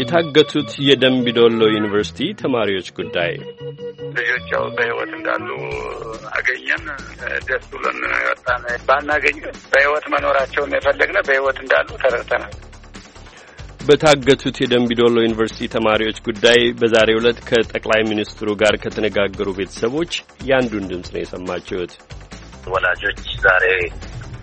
የታገቱት የደምቢዶሎ ዩኒቨርሲቲ ተማሪዎች ጉዳይ ልጆች ያው በህይወት እንዳሉ አገኘን። ደስ ብሎን ወጣን። ባናገኝ በህይወት መኖራቸውን የፈለግነ በህይወት እንዳሉ ተረድተናል። በታገቱት የደምቢዶሎ ዩኒቨርሲቲ ተማሪዎች ጉዳይ በዛሬ ዕለት ከጠቅላይ ሚኒስትሩ ጋር ከተነጋገሩ ቤተሰቦች የአንዱን ድምፅ ነው የሰማችሁት። ወላጆች ዛሬ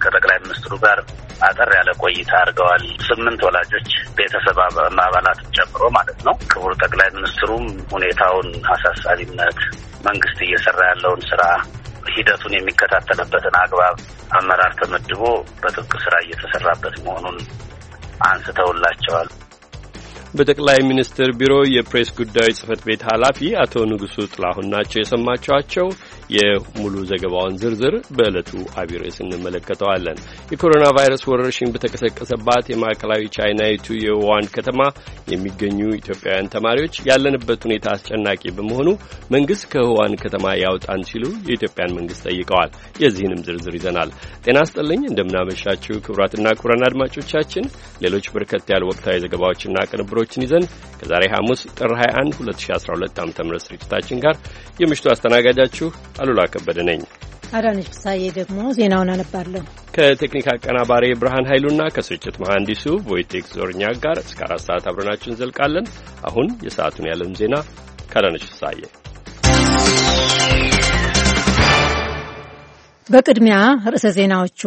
ከጠቅላይ ሚኒስትሩ ጋር አጠር ያለ ቆይታ አድርገዋል። ስምንት ወላጆች ቤተሰብ አባላት ጨምሮ ማለት ነው። ክቡር ጠቅላይ ሚኒስትሩም ሁኔታውን አሳሳቢነት፣ መንግስት እየሰራ ያለውን ስራ ሂደቱን የሚከታተልበትን አግባብ አመራር ተመድቦ በጥብቅ ስራ እየተሰራበት መሆኑን አንስተውላቸዋል። በጠቅላይ ሚኒስትር ቢሮ የፕሬስ ጉዳዮች ጽህፈት ቤት ኃላፊ አቶ ንጉሱ ጥላሁን ናቸው የሰማችኋቸው። የሙሉ ዘገባውን ዝርዝር በዕለቱ አቢሮ እንመለከተዋለን። የኮሮና ቫይረስ ወረርሽኝ በተቀሰቀሰባት የማዕከላዊ ቻይናዊቱ የውሃን ከተማ የሚገኙ ኢትዮጵያውያን ተማሪዎች ያለንበት ሁኔታ አስጨናቂ በመሆኑ መንግስት ከውሃን ከተማ ያውጣን ሲሉ የኢትዮጵያን መንግስት ጠይቀዋል። የዚህንም ዝርዝር ይዘናል። ጤና ይስጥልኝ፣ እንደምናመሻችው ክቡራትና ክቡራን አድማጮቻችን ሌሎች በርከት ያሉ ወቅታዊ ዘገባዎችና ቅንብሮ ቅንብሮችን ይዘን ከዛሬ ሐሙስ ጥር 21 2012 ዓ ም ስርጭታችን ጋር የምሽቱ አስተናጋጃችሁ አሉላ ከበደ ነኝ። አዳነች ፍሳዬ ደግሞ ዜናውን አነባለሁ። ከቴክኒክ አቀናባሪ ብርሃን ኃይሉና ከስርጭት መሐንዲሱ ቮይቴክ ዞርኛ ጋር እስከ አራት ሰዓት አብረናችሁ እንዘልቃለን። አሁን የሰዓቱን ያለም ዜና ከአዳነች ፍሳዬ በቅድሚያ ርዕሰ ዜናዎቹ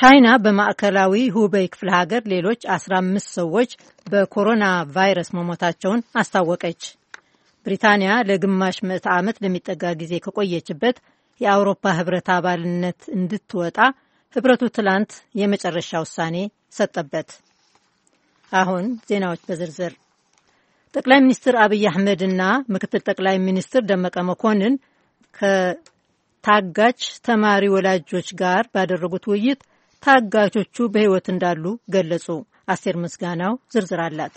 ቻይና በማዕከላዊ ሁበይ ክፍለ ሀገር ሌሎች 15 ሰዎች በኮሮና ቫይረስ መሞታቸውን አስታወቀች። ብሪታንያ ለግማሽ ምዕተ ዓመት ለሚጠጋ ጊዜ ከቆየችበት የአውሮፓ ህብረት አባልነት እንድትወጣ ህብረቱ ትላንት የመጨረሻ ውሳኔ ሰጠበት። አሁን ዜናዎች በዝርዝር። ጠቅላይ ሚኒስትር አብይ አህመድና ምክትል ጠቅላይ ሚኒስትር ደመቀ መኮንን ከታጋች ተማሪ ወላጆች ጋር ባደረጉት ውይይት ታጋቾቹ በሕይወት እንዳሉ ገለጹ። አስቴር ምስጋናው ዝርዝር አላት።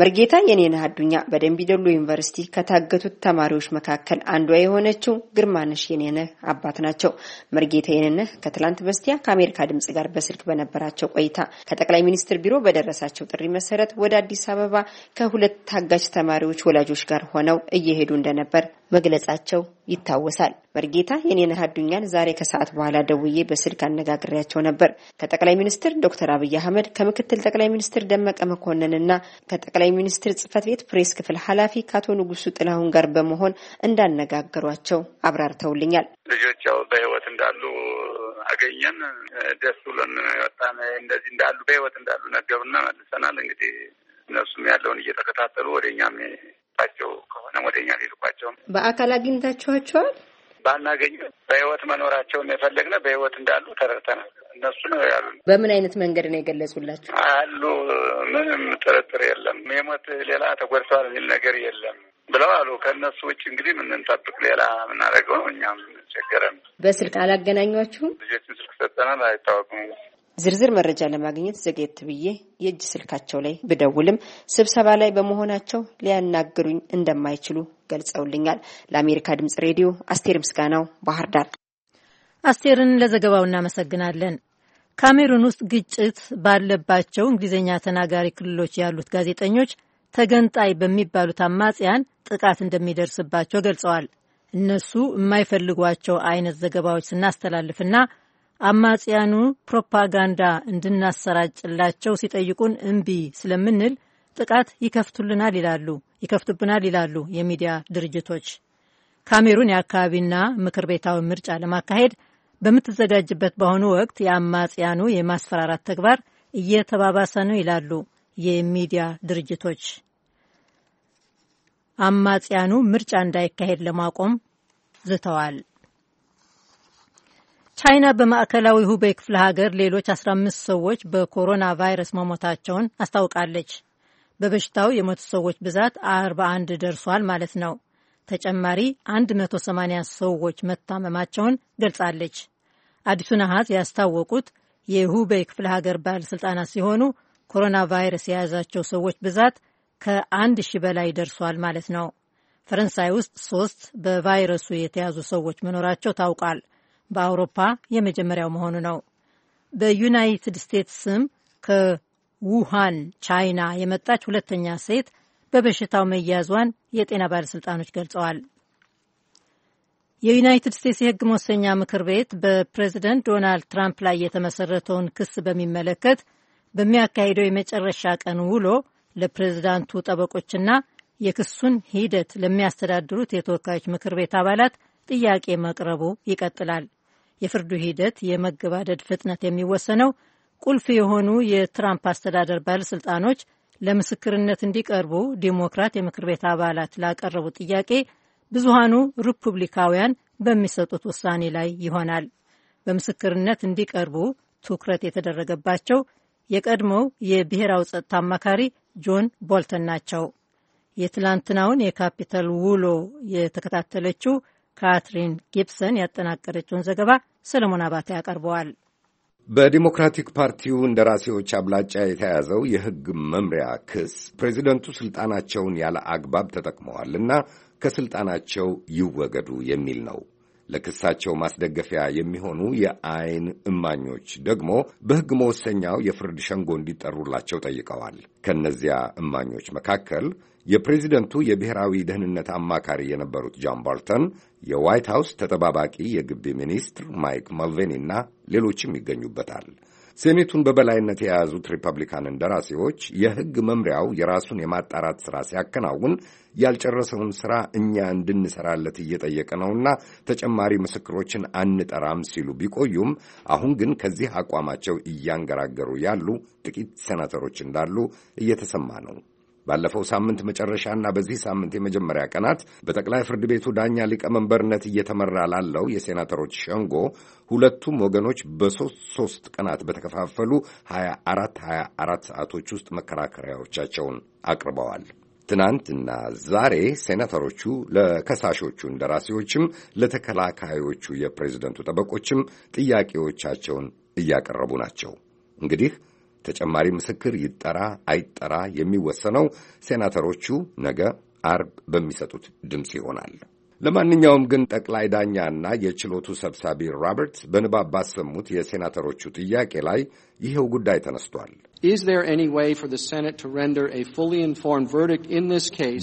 መርጌታ የኔነህ አዱኛ በደንቢ ዩኒቨርሲቲ ከታገቱት ተማሪዎች መካከል አንዷ የሆነችው ግርማነሽ የኔነህ አባት ናቸው። መርጌታ የኔነህ ከትላንት በስቲያ ከአሜሪካ ድምጽ ጋር በስልክ በነበራቸው ቆይታ ከጠቅላይ ሚኒስትር ቢሮ በደረሳቸው ጥሪ መሰረት ወደ አዲስ አበባ ከሁለት ታጋች ተማሪዎች ወላጆች ጋር ሆነው እየሄዱ እንደነበር መግለጻቸው ይታወሳል። መርጌታ የኔነህ አዱኛን ዛሬ ከሰዓት በኋላ ደውዬ በስልክ አነጋግሬያቸው ነበር። ከጠቅላይ ሚኒስትር ዶክተር አብይ አህመድ ከምክትል ጠቅላይ ሚኒስትር ደመቀ መኮንንና ከጠቅላይ ሚኒስትር ጽህፈት ቤት ፕሬስ ክፍል ኃላፊ ከአቶ ንጉሱ ጥላሁን ጋር በመሆን እንዳነጋገሯቸው አብራርተውልኛል። ልጆች በህይወት እንዳሉ አገኘን። ደስ ብሎን ወጣን። እንደዚህ እንዳሉ በህይወት እንዳሉ ነገሩና መልሰናል። እንግዲህ እነሱም ያለውን እየተከታተሉ ወደ እኛም የሚያስፈልግባቸው ከሆነ ወደኛ ሊልኳቸው። በአካል አግኝታችኋቸዋል? ባናገኝ በህይወት መኖራቸውን የፈለግነ በህይወት እንዳሉ ተረድተናል። እነሱ ነው ያሉ። በምን አይነት መንገድ ነው የገለጹላቸው? አሉ ምንም ጥርጥር የለም የሞት ሌላ ተጎድተዋል የሚል ነገር የለም ብለው አሉ። ከእነሱ ውጭ እንግዲህ ምንንጠብቅ ሌላ የምናደርገው ነው። እኛም ቸገረን። በስልክ አላገናኟችሁም? ልጆችን ስልክ ሰጠናል። አይታወቅም ዝርዝር መረጃ ለማግኘት ዘግየት ብዬ የእጅ ስልካቸው ላይ ብደውልም ስብሰባ ላይ በመሆናቸው ሊያናግሩኝ እንደማይችሉ ገልጸውልኛል። ለአሜሪካ ድምጽ ሬዲዮ አስቴር ምስጋናው ባህር ዳር። አስቴርን ለዘገባው እናመሰግናለን። ካሜሩን ውስጥ ግጭት ባለባቸው እንግሊዝኛ ተናጋሪ ክልሎች ያሉት ጋዜጠኞች ተገንጣይ በሚባሉት አማጽያን ጥቃት እንደሚደርስባቸው ገልጸዋል። እነሱ የማይፈልጓቸው አይነት ዘገባዎች ስናስተላልፍና አማጽያኑ ፕሮፓጋንዳ እንድናሰራጭላቸው ሲጠይቁን እምቢ ስለምንል ጥቃት ይከፍቱልናል ይላሉ ይከፍቱብናል ይላሉ የሚዲያ ድርጅቶች። ካሜሩን የአካባቢና ምክር ቤታዊ ምርጫ ለማካሄድ በምትዘጋጅበት በአሁኑ ወቅት የአማጽያኑ የማስፈራራት ተግባር እየተባባሰ ነው ይላሉ የሚዲያ ድርጅቶች። አማጽያኑ ምርጫ እንዳይካሄድ ለማቆም ዝተዋል። ቻይና በማዕከላዊ ሁቤ ክፍለ ሀገር ሌሎች 15 ሰዎች በኮሮና ቫይረስ መሞታቸውን አስታውቃለች። በበሽታው የሞቱ ሰዎች ብዛት 41 ደርሷል ማለት ነው። ተጨማሪ 180 ሰዎች መታመማቸውን ገልጻለች። አዲሱ ነሐስ ያስታወቁት የሁቤይ ክፍለ ሀገር ባለሥልጣናት ሲሆኑ ኮሮና ቫይረስ የያዛቸው ሰዎች ብዛት ከአንድ ሺህ በላይ ደርሷል ማለት ነው። ፈረንሳይ ውስጥ ሶስት በቫይረሱ የተያዙ ሰዎች መኖራቸው ታውቋል። በአውሮፓ የመጀመሪያው መሆኑ ነው። በዩናይትድ ስቴትስ ስም ከውሃን ቻይና የመጣች ሁለተኛ ሴት በበሽታው መያዟን የጤና ባለሥልጣኖች ገልጸዋል። የዩናይትድ ስቴትስ የሕግ መወሰኛ ምክር ቤት በፕሬዝደንት ዶናልድ ትራምፕ ላይ የተመሰረተውን ክስ በሚመለከት በሚያካሂደው የመጨረሻ ቀን ውሎ ለፕሬዚዳንቱ ጠበቆችና የክሱን ሂደት ለሚያስተዳድሩት የተወካዮች ምክር ቤት አባላት ጥያቄ መቅረቡ ይቀጥላል። የፍርዱ ሂደት የመገባደድ ፍጥነት የሚወሰነው ቁልፍ የሆኑ የትራምፕ አስተዳደር ባለሥልጣኖች ለምስክርነት እንዲቀርቡ ዲሞክራት የምክር ቤት አባላት ላቀረቡ ጥያቄ ብዙሃኑ ሪፑብሊካውያን በሚሰጡት ውሳኔ ላይ ይሆናል። በምስክርነት እንዲቀርቡ ትኩረት የተደረገባቸው የቀድሞው የብሔራዊ ጸጥታ አማካሪ ጆን ቦልተን ናቸው። የትላንትናውን የካፒታል ውሎ የተከታተለችው ካትሪን ጊብሰን ያጠናቀረችውን ዘገባ ሰለሞን አባተ ያቀርበዋል። በዲሞክራቲክ ፓርቲው እንደራሴዎች አብላጫ የተያዘው የሕግ መምሪያ ክስ ፕሬዚደንቱ ሥልጣናቸውን ያለ አግባብ ተጠቅመዋልና ከሥልጣናቸው ይወገዱ የሚል ነው። ለክሳቸው ማስደገፊያ የሚሆኑ የአይን እማኞች ደግሞ በሕግ መወሰኛው የፍርድ ሸንጎ እንዲጠሩላቸው ጠይቀዋል። ከእነዚያ እማኞች መካከል የፕሬዚደንቱ የብሔራዊ ደህንነት አማካሪ የነበሩት ጃን ባርተን፣ የዋይት ሃውስ ተጠባባቂ የግቢ ሚኒስትር ማይክ መልቬኒ እና ሌሎችም ይገኙበታል። ሴኔቱን በበላይነት የያዙት ሪፐብሊካን እንደራሴዎች የሕግ መምሪያው የራሱን የማጣራት ሥራ ሲያከናውን ያልጨረሰውን ሥራ እኛ እንድንሠራለት እየጠየቀ ነውና ተጨማሪ ምስክሮችን አንጠራም ሲሉ ቢቆዩም አሁን ግን ከዚህ አቋማቸው እያንገራገሩ ያሉ ጥቂት ሴናተሮች እንዳሉ እየተሰማ ነው። ባለፈው ሳምንት መጨረሻና በዚህ ሳምንት የመጀመሪያ ቀናት በጠቅላይ ፍርድ ቤቱ ዳኛ ሊቀመንበርነት እየተመራ ላለው የሴናተሮች ሸንጎ ሁለቱም ወገኖች በሶስት ሶስት ቀናት በተከፋፈሉ ሀያ አራት ሀያ አራት ሰዓቶች ውስጥ መከራከሪያዎቻቸውን አቅርበዋል። ትናንትና ዛሬ ሴናተሮቹ ለከሳሾቹ እንደራሴዎችም ለተከላካዮቹ የፕሬዝደንቱ ጠበቆችም ጥያቄዎቻቸውን እያቀረቡ ናቸው። እንግዲህ ተጨማሪ ምስክር ይጠራ አይጠራ የሚወሰነው ሴናተሮቹ ነገ አርብ በሚሰጡት ድምፅ ይሆናል። ለማንኛውም ግን ጠቅላይ ዳኛ ዳኛና የችሎቱ ሰብሳቢ ሮበርት በንባብ ባሰሙት የሴናተሮቹ ጥያቄ ላይ ይኸው ጉዳይ ተነስቷል።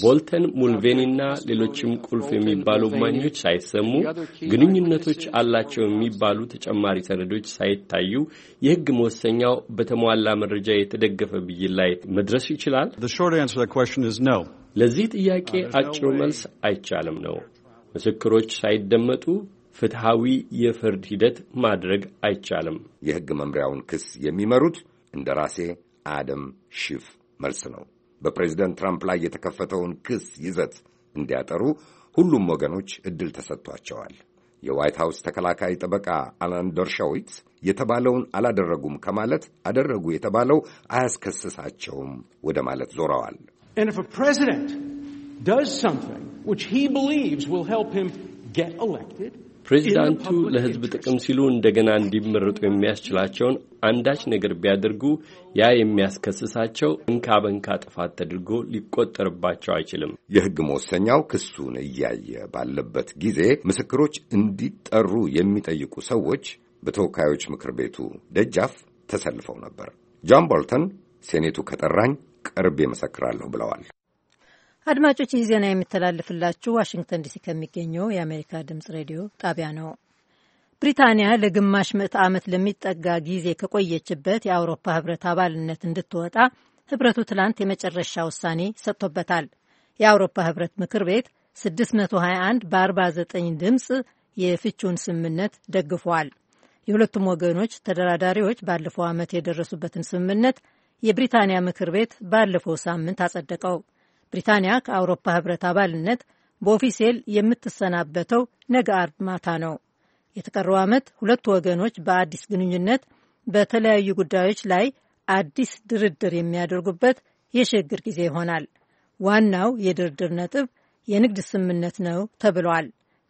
ቦልተን ሙልቬኒና ሌሎችም ቁልፍ የሚባሉ እማኞች ሳይሰሙ ግንኙነቶች አላቸው የሚባሉ ተጨማሪ ሰነዶች ሳይታዩ የህግ መወሰኛው በተሟላ መረጃ የተደገፈ ብይን ላይ መድረስ ይችላል? ለዚህ ጥያቄ አጭሩ መልስ አይቻልም ነው። ምስክሮች ሳይደመጡ ፍትሐዊ የፍርድ ሂደት ማድረግ አይቻልም። የሕግ መምሪያውን ክስ የሚመሩት እንደራሴ አደም ሺፍ መልስ ነው። በፕሬዝደንት ትራምፕ ላይ የተከፈተውን ክስ ይዘት እንዲያጠሩ ሁሉም ወገኖች ዕድል ተሰጥቷቸዋል። የዋይት ሐውስ ተከላካይ ጠበቃ አላን የተባለውን አላደረጉም ከማለት አደረጉ የተባለው አያስከስሳቸውም ወደ ማለት ዞረዋል። And ፕሬዚዳንቱ ለሕዝብ ጥቅም ሲሉ እንደገና እንዲመረጡ የሚያስችላቸውን አንዳች ነገር ቢያደርጉ ያ የሚያስከስሳቸው እንካ በንካ ጥፋት ተደርጎ ሊቆጠርባቸው አይችልም። የሕግ መወሰኛው ክሱን እያየ ባለበት ጊዜ ምስክሮች እንዲጠሩ የሚጠይቁ ሰዎች በተወካዮች ምክር ቤቱ ደጃፍ ተሰልፈው ነበር። ጆን ቦልተን ሴኔቱ ከጠራኝ ቀርቤ መሰክራለሁ ብለዋል። አድማጮች ይህ ዜና የሚተላለፍላችሁ ዋሽንግተን ዲሲ ከሚገኘው የአሜሪካ ድምጽ ሬዲዮ ጣቢያ ነው። ብሪታንያ ለግማሽ ምዕተ ዓመት ለሚጠጋ ጊዜ ከቆየችበት የአውሮፓ ህብረት አባልነት እንድትወጣ ህብረቱ ትላንት የመጨረሻ ውሳኔ ሰጥቶበታል። የአውሮፓ ህብረት ምክር ቤት 621 በ49 ድምፅ የፍቹን ስምምነት ደግፏል። የሁለቱም ወገኖች ተደራዳሪዎች ባለፈው ዓመት የደረሱበትን ስምምነት የብሪታንያ ምክር ቤት ባለፈው ሳምንት አጸደቀው። ብሪታንያ ከአውሮፓ ህብረት አባልነት በኦፊሴል የምትሰናበተው ነገ አርብ ማታ ነው። የተቀረው ዓመት ሁለቱ ወገኖች በአዲስ ግንኙነት በተለያዩ ጉዳዮች ላይ አዲስ ድርድር የሚያደርጉበት የሽግግር ጊዜ ይሆናል። ዋናው የድርድር ነጥብ የንግድ ስምምነት ነው ተብሏል።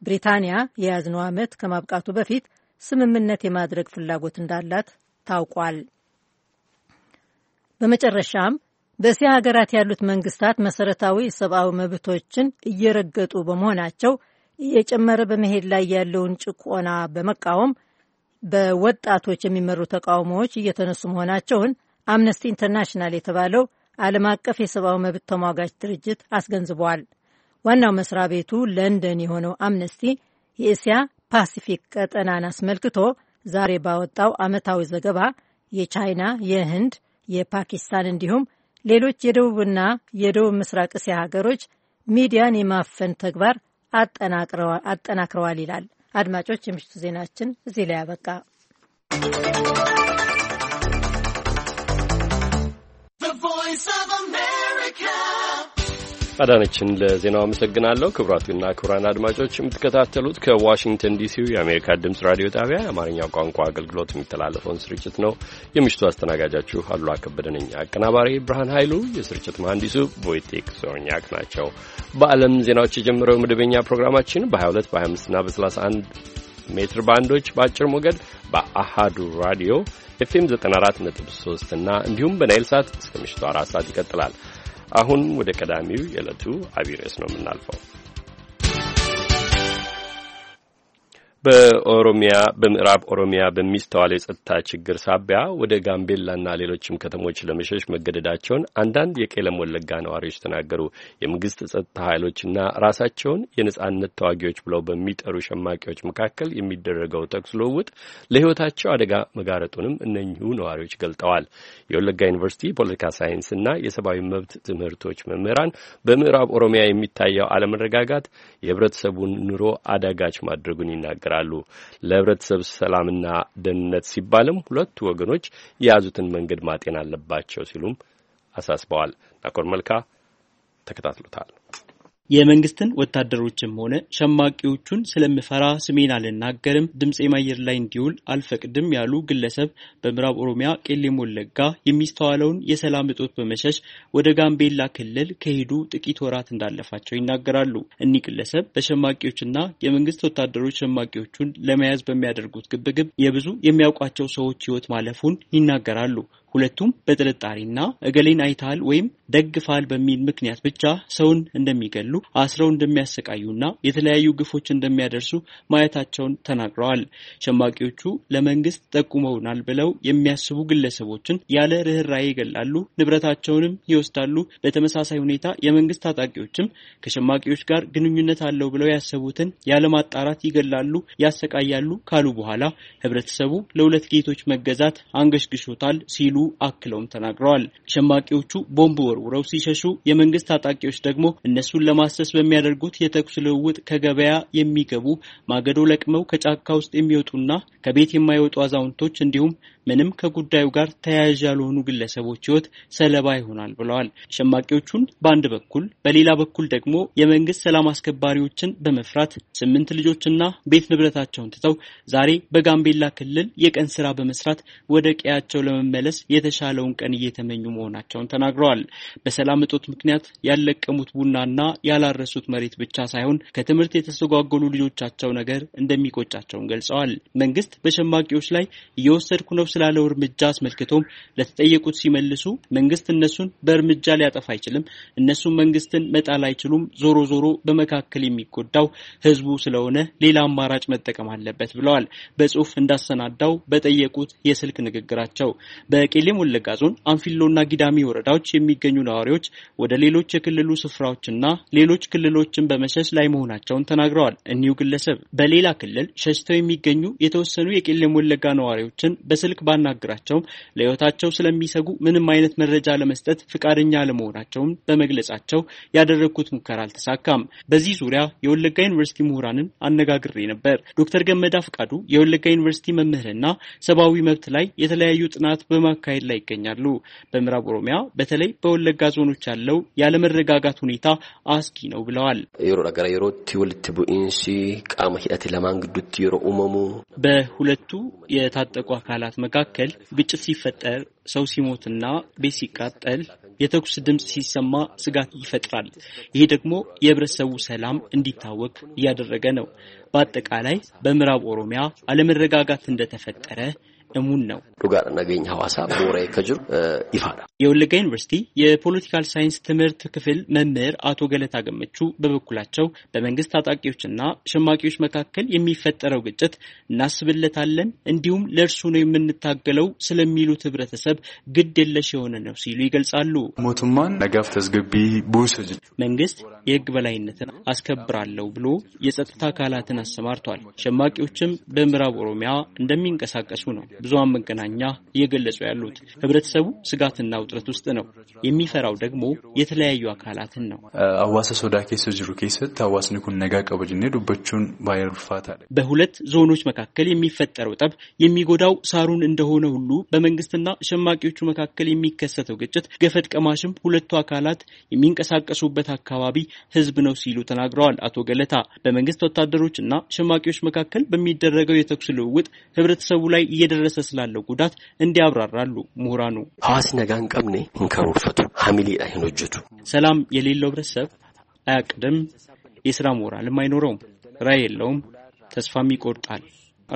ብሪታንያ የያዝነው ዓመት ከማብቃቱ በፊት ስምምነት የማድረግ ፍላጎት እንዳላት ታውቋል። በመጨረሻም በእስያ ሀገራት ያሉት መንግስታት መሰረታዊ ሰብአዊ መብቶችን እየረገጡ በመሆናቸው እየጨመረ በመሄድ ላይ ያለውን ጭቆና በመቃወም በወጣቶች የሚመሩ ተቃውሞዎች እየተነሱ መሆናቸውን አምነስቲ ኢንተርናሽናል የተባለው ዓለም አቀፍ የሰብአዊ መብት ተሟጋች ድርጅት አስገንዝበዋል። ዋናው መስሪያ ቤቱ ለንደን የሆነው አምነስቲ የእስያ ፓሲፊክ ቀጠናን አስመልክቶ ዛሬ ባወጣው ዓመታዊ ዘገባ የቻይና፣ የህንድ፣ የፓኪስታን እንዲሁም ሌሎች የደቡብና የደቡብ ምስራቅ እስያ ሀገሮች ሚዲያን የማፈን ተግባር አጠናክረዋል ይላል። አድማጮች፣ የምሽቱ ዜናችን እዚህ ላይ አበቃ። አዳነችን ለዜናው አመሰግናለሁ። ክቡራትና ክቡራን አድማጮች የምትከታተሉት ከዋሽንግተን ዲሲው የአሜሪካ ድምፅ ራዲዮ ጣቢያ የአማርኛ ቋንቋ አገልግሎት የሚተላለፈውን ስርጭት ነው። የምሽቱ አስተናጋጃችሁ አሉላ ከበደ ነኝ። አቀናባሪ ብርሃን ኃይሉ፣ የስርጭት መሐንዲሱ ቮይቴክ ሶርኛክ ናቸው። በዓለም ዜናዎች የጀመረው መደበኛ ፕሮግራማችን በ22 በ25ና በ31 ሜትር ባንዶች በአጭር ሞገድ በአሃዱ ራዲዮ ኤፍኤም 94.3 እና እንዲሁም በናይል ሳት እስከ ምሽቱ አራት ሰዓት ይቀጥላል። አሁን ወደ ቀዳሚው የዕለቱ አብይ ርዕስ ነው የምናልፈው። በኦሮሚያ በምዕራብ ኦሮሚያ በሚስተዋል የጸጥታ ችግር ሳቢያ ወደ ጋምቤላና ሌሎችም ከተሞች ለመሸሽ መገደዳቸውን አንዳንድ የቄለም ወለጋ ነዋሪዎች ተናገሩ። የመንግስት ጸጥታ ኃይሎችና ራሳቸውን የነጻነት ተዋጊዎች ብለው በሚጠሩ ሸማቂዎች መካከል የሚደረገው ተኩስ ልውውጥ ለሕይወታቸው አደጋ መጋረጡንም እነኚሁ ነዋሪዎች ገልጠዋል። የወለጋ ዩኒቨርሲቲ የፖለቲካ ሳይንስና የሰብአዊ መብት ትምህርቶች መምህራን በምዕራብ ኦሮሚያ የሚታየው አለመረጋጋት የህብረተሰቡን ኑሮ አዳጋች ማድረጉን ይናገራል። ይላሉ። ለህብረተሰብ ሰላምና ደህንነት ሲባልም ሁለቱ ወገኖች የያዙትን መንገድ ማጤን አለባቸው ሲሉም አሳስበዋል። ናኮር መልካ ተከታትሎታል። የመንግስትን ወታደሮችም ሆነ ሸማቂዎቹን ስለምፈራ ስሜን አልናገርም፣ ድምፄም አየር ላይ እንዲውል አልፈቅድም ያሉ ግለሰብ በምዕራብ ኦሮሚያ ቄሌም ወለጋ የሚስተዋለውን የሰላም እጦት በመሸሽ ወደ ጋምቤላ ክልል ከሄዱ ጥቂት ወራት እንዳለፋቸው ይናገራሉ። እኒህ ግለሰብ በሸማቂዎችና የመንግስት ወታደሮች ሸማቂዎቹን ለመያዝ በሚያደርጉት ግብግብ የብዙ የሚያውቋቸው ሰዎች ህይወት ማለፉን ይናገራሉ። ሁለቱም በጥርጣሬና እገሌን አይታል ወይም ደግፋል በሚል ምክንያት ብቻ ሰውን እንደሚገሉ አስረው እንደሚያሰቃዩና የተለያዩ ግፎች እንደሚያደርሱ ማየታቸውን ተናግረዋል። ሸማቂዎቹ ለመንግስት ጠቁመውናል ብለው የሚያስቡ ግለሰቦችን ያለ ርኅራኄ ይገላሉ፣ ንብረታቸውንም ይወስዳሉ። በተመሳሳይ ሁኔታ የመንግስት ታጣቂዎችም ከሸማቂዎች ጋር ግንኙነት አለው ብለው ያሰቡትን ያለማጣራት ይገላሉ፣ ያሰቃያሉ ካሉ በኋላ ህብረተሰቡ ለሁለት ጌቶች መገዛት አንገሽግሾታል ሲሉ ሲሉ አክለውም ተናግረዋል። ሸማቂዎቹ ቦምብ ወርውረው ሲሸሹ፣ የመንግስት ታጣቂዎች ደግሞ እነሱን ለማሰስ በሚያደርጉት የተኩስ ልውውጥ ከገበያ የሚገቡ ማገዶ ለቅመው ከጫካ ውስጥ የሚወጡና ከቤት የማይወጡ አዛውንቶች እንዲሁም ምንም ከጉዳዩ ጋር ተያያዥ ያልሆኑ ግለሰቦች ህይወት ሰለባ ይሆናል ብለዋል። ሸማቂዎቹን በአንድ በኩል በሌላ በኩል ደግሞ የመንግስት ሰላም አስከባሪዎችን በመፍራት ስምንት ልጆችና ቤት ንብረታቸውን ትተው ዛሬ በጋምቤላ ክልል የቀን ስራ በመስራት ወደ ቀያቸው ለመመለስ የተሻለውን ቀን እየተመኙ መሆናቸውን ተናግረዋል። በሰላም እጦት ምክንያት ያለቀሙት ቡናና ያላረሱት መሬት ብቻ ሳይሆን ከትምህርት የተስተጓጎሉ ልጆቻቸው ነገር እንደሚቆጫቸውን ገልጸዋል። መንግስት በሸማቂዎች ላይ እየወሰድኩ ነው ስላለው እርምጃ አስመልክቶም ለተጠየቁት ሲመልሱ መንግስት እነሱን በእርምጃ ሊያጠፋ አይችልም፣ እነሱን መንግስትን መጣል አይችሉም፣ ዞሮ ዞሮ በመካከል የሚጎዳው ህዝቡ ስለሆነ ሌላ አማራጭ መጠቀም አለበት ብለዋል። በጽሁፍ እንዳሰናዳው በጠየቁት የስልክ ንግግራቸው በቄሌም ወለጋ ዞን አንፊሎና ጊዳሚ ወረዳዎች የሚገኙ ነዋሪዎች ወደ ሌሎች የክልሉ ስፍራዎችና ሌሎች ክልሎችን በመሸሽ ላይ መሆናቸውን ተናግረዋል። እኒሁ ግለሰብ በሌላ ክልል ሸሽተው የሚገኙ የተወሰኑ የቄሌም ወለጋ ነዋሪዎችን በስልክ ባናግራቸውም ለሕይወታቸው ስለሚሰጉ ምንም አይነት መረጃ ለመስጠት ፍቃደኛ አለመሆናቸውን በመግለጻቸው ያደረግኩት ሙከራ አልተሳካም። በዚህ ዙሪያ የወለጋ ዩኒቨርሲቲ ምሁራንን አነጋግሬ ነበር። ዶክተር ገመዳ ፍቃዱ የወለጋ ዩኒቨርሲቲ መምህርና ሰብአዊ መብት ላይ የተለያዩ ጥናት በማካሄድ ላይ ይገኛሉ። በምዕራብ ኦሮሚያ በተለይ በወለጋ ዞኖች ያለው ያለመረጋጋት ሁኔታ አስጊ ነው ብለዋል። በሁለቱ የታጠቁ አካላት መካከል ግጭት ሲፈጠር ሰው ሲሞትና ቤት ሲቃጠል የተኩስ ድምፅ ሲሰማ ስጋት ይፈጥራል። ይሄ ደግሞ የህብረተሰቡ ሰላም እንዲታወክ እያደረገ ነው። በአጠቃላይ በምዕራብ ኦሮሚያ አለመረጋጋት እንደተፈጠረ እሙን ነው። ዱጋር እናገኝ ሐዋሳ ቦሬ ከጅር ይፋዳ የወለጋ ዩኒቨርሲቲ የፖለቲካል ሳይንስ ትምህርት ክፍል መምህር አቶ ገለታ ገመቹ በበኩላቸው በመንግስት ታጣቂዎችና ሸማቂዎች መካከል የሚፈጠረው ግጭት እናስብለታለን፣ እንዲሁም ለእርሱ ነው የምንታገለው ስለሚሉት ህብረተሰብ ግድ የለሽ የሆነ ነው ሲሉ ይገልጻሉ። ሞቱማን ነጋፍ ተዝግቢ ቡስጅ መንግስት የህግ በላይነትን አስከብራለሁ ብሎ የጸጥታ አካላትን አሰማርቷል። ሸማቂዎችም በምዕራብ ኦሮሚያ እንደሚንቀሳቀሱ ነው ብዙሃን መገናኛ እየገለጹ ያሉት። ህብረተሰቡ ስጋትና ውጥረት ውስጥ ነው። የሚፈራው ደግሞ የተለያዩ አካላትን ነው። አዋሰ ሶዳ ኬሰ ጅሩ ኬሰት አዋስኒ ኩን ነጋ ቀበጅኔ ዱበቹን ባየር ፋታ በሁለት ዞኖች መካከል የሚፈጠረው ጠብ የሚጎዳው ሳሩን እንደሆነ ሁሉ በመንግስትና ሸማቂዎቹ መካከል የሚከሰተው ግጭት ገፈት ቀማሽም ሁለቱ አካላት የሚንቀሳቀሱበት አካባቢ ህዝብ ነው ሲሉ ተናግረዋል። አቶ ገለታ በመንግስት ወታደሮች እና ሸማቂዎች መካከል በሚደረገው የተኩስ ልውውጥ ህብረተሰቡ ላይ እየደረሰ እየደረሰ ስላለው ጉዳት እንዲያብራራሉ ምሁራኑ። ሐዋሲ ነጋን ቀብኔ እንከሩፈቱ ሀሚሊ አይኖጀቱ ሰላም የሌለው ህብረተሰብ አያቅድም፣ የስራ ሞራልም አይኖረውም፣ ራይ የለውም፣ ተስፋም ይቆርጣል።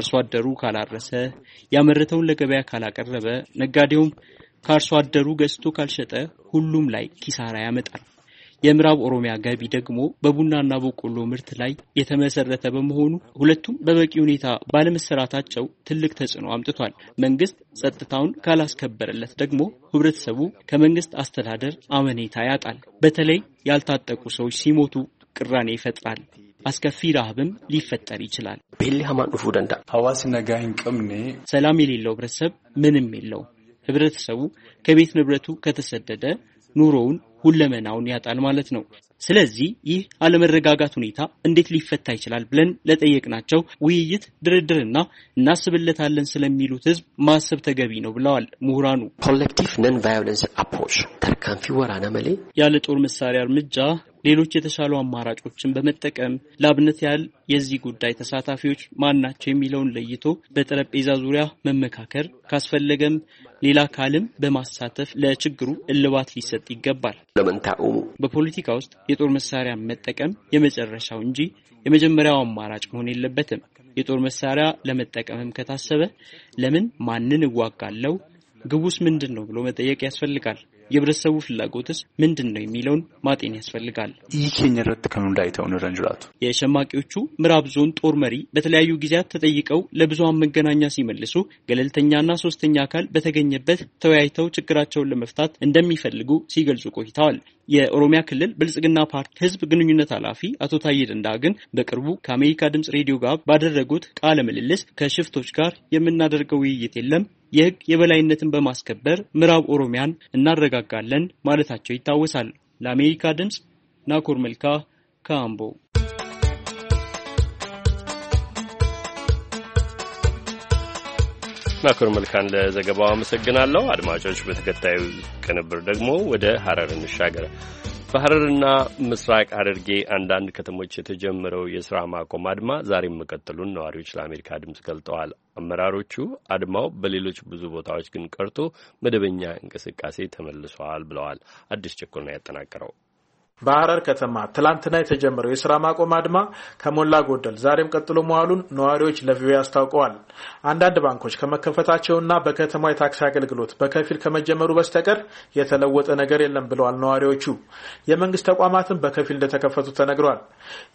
አርሶ አደሩ ካላረሰ፣ ያመረተውን ለገበያ ካላቀረበ፣ ነጋዴውም ከአርሶ አደሩ ገዝቶ ካልሸጠ ሁሉም ላይ ኪሳራ ያመጣል። የምዕራብ ኦሮሚያ ገቢ ደግሞ በቡናና በቆሎ ምርት ላይ የተመሰረተ በመሆኑ ሁለቱም በበቂ ሁኔታ ባለመሰራታቸው ትልቅ ተጽዕኖ አምጥቷል። መንግስት ጸጥታውን ካላስከበረለት ደግሞ ህብረተሰቡ ከመንግስት አስተዳደር አመኔታ ያጣል። በተለይ ያልታጠቁ ሰዎች ሲሞቱ ቅራኔ ይፈጥራል። አስከፊ ረሃብም ሊፈጠር ይችላል። ቤሌ ሀማንፉ ደንዳ ሀዋስ ነጋይን ቅምኔ ሰላም የሌለው ህብረተሰብ ምንም የለውም። ህብረተሰቡ ከቤት ንብረቱ ከተሰደደ ኑሮውን ሁለመናውን ያጣል ማለት ነው። ስለዚህ ይህ አለመረጋጋት ሁኔታ እንዴት ሊፈታ ይችላል ብለን ለጠየቅናቸው ውይይት፣ ድርድርና እናስብለታለን ስለሚሉት ህዝብ ማሰብ ተገቢ ነው ብለዋል ምሁራኑ። ኮሌክቲቭ ነን ቫዮለንስ አፕሮች ተርካንፊ ወራና መሌ ያለ ጦር መሳሪያ እርምጃ ሌሎች የተሻሉ አማራጮችን በመጠቀም ለአብነት ያህል የዚህ ጉዳይ ተሳታፊዎች ማናቸው የሚለውን ለይቶ በጠረጴዛ ዙሪያ መመካከር ካስፈለገም ሌላ አካልም በማሳተፍ ለችግሩ እልባት ሊሰጥ ይገባል። ለመንታኡሙ በፖለቲካ ውስጥ የጦር መሳሪያ መጠቀም የመጨረሻው እንጂ የመጀመሪያው አማራጭ መሆን የለበትም። የጦር መሳሪያ ለመጠቀምም ከታሰበ ለምን፣ ማንን እዋጋለው፣ ግቡስ ምንድን ነው ብሎ መጠየቅ ያስፈልጋል። የህብረተሰቡ ፍላጎትስ ምንድን ነው የሚለውን ማጤን ያስፈልጋል። የሸማቂዎቹ ምዕራብ ዞን ጦር መሪ በተለያዩ ጊዜያት ተጠይቀው ለብዙሀን መገናኛ ሲመልሱ ገለልተኛና ሶስተኛ አካል በተገኘበት ተወያይተው ችግራቸውን ለመፍታት እንደሚፈልጉ ሲገልጹ ቆይተዋል። የኦሮሚያ ክልል ብልጽግና ፓርቲ ህዝብ ግንኙነት ኃላፊ አቶ ታዬ ደንዳ ግን በቅርቡ ከአሜሪካ ድምጽ ሬዲዮ ጋር ባደረጉት ቃለ ምልልስ ከሽፍቶች ጋር የምናደርገው ውይይት የለም የህግ የበላይነትን በማስከበር ምዕራብ ኦሮሚያን እናረጋጋለን ማለታቸው ይታወሳል። ለአሜሪካ ድምፅ ናኮር መልካ ከአምቦ ናኮር መልካን ለዘገባው አመሰግናለሁ። አድማጮች፣ በተከታዩ ቅንብር ደግሞ ወደ ሀረር እንሻገር። በሐረርና ምስራቅ ሐረርጌ አንዳንድ ከተሞች የተጀመረው የሥራ ማቆም አድማ ዛሬም መቀጠሉን ነዋሪዎች ለአሜሪካ ድምፅ ገልጠዋል። አመራሮቹ አድማው በሌሎች ብዙ ቦታዎች ግን ቀርቶ መደበኛ እንቅስቃሴ ተመልሷል ብለዋል። አዲስ ቸኮልና ያጠናቀረው በሐረር ከተማ ትላንትና የተጀመረው የስራ ማቆም አድማ ከሞላ ጎደል ዛሬም ቀጥሎ መዋሉን ነዋሪዎች ለቪኦኤ አስታውቀዋል። አንዳንድ ባንኮች ከመከፈታቸውና በከተማ የታክሲ አገልግሎት በከፊል ከመጀመሩ በስተቀር የተለወጠ ነገር የለም ብለዋል ነዋሪዎቹ። የመንግስት ተቋማትን በከፊል እንደተከፈቱ ተነግሯል።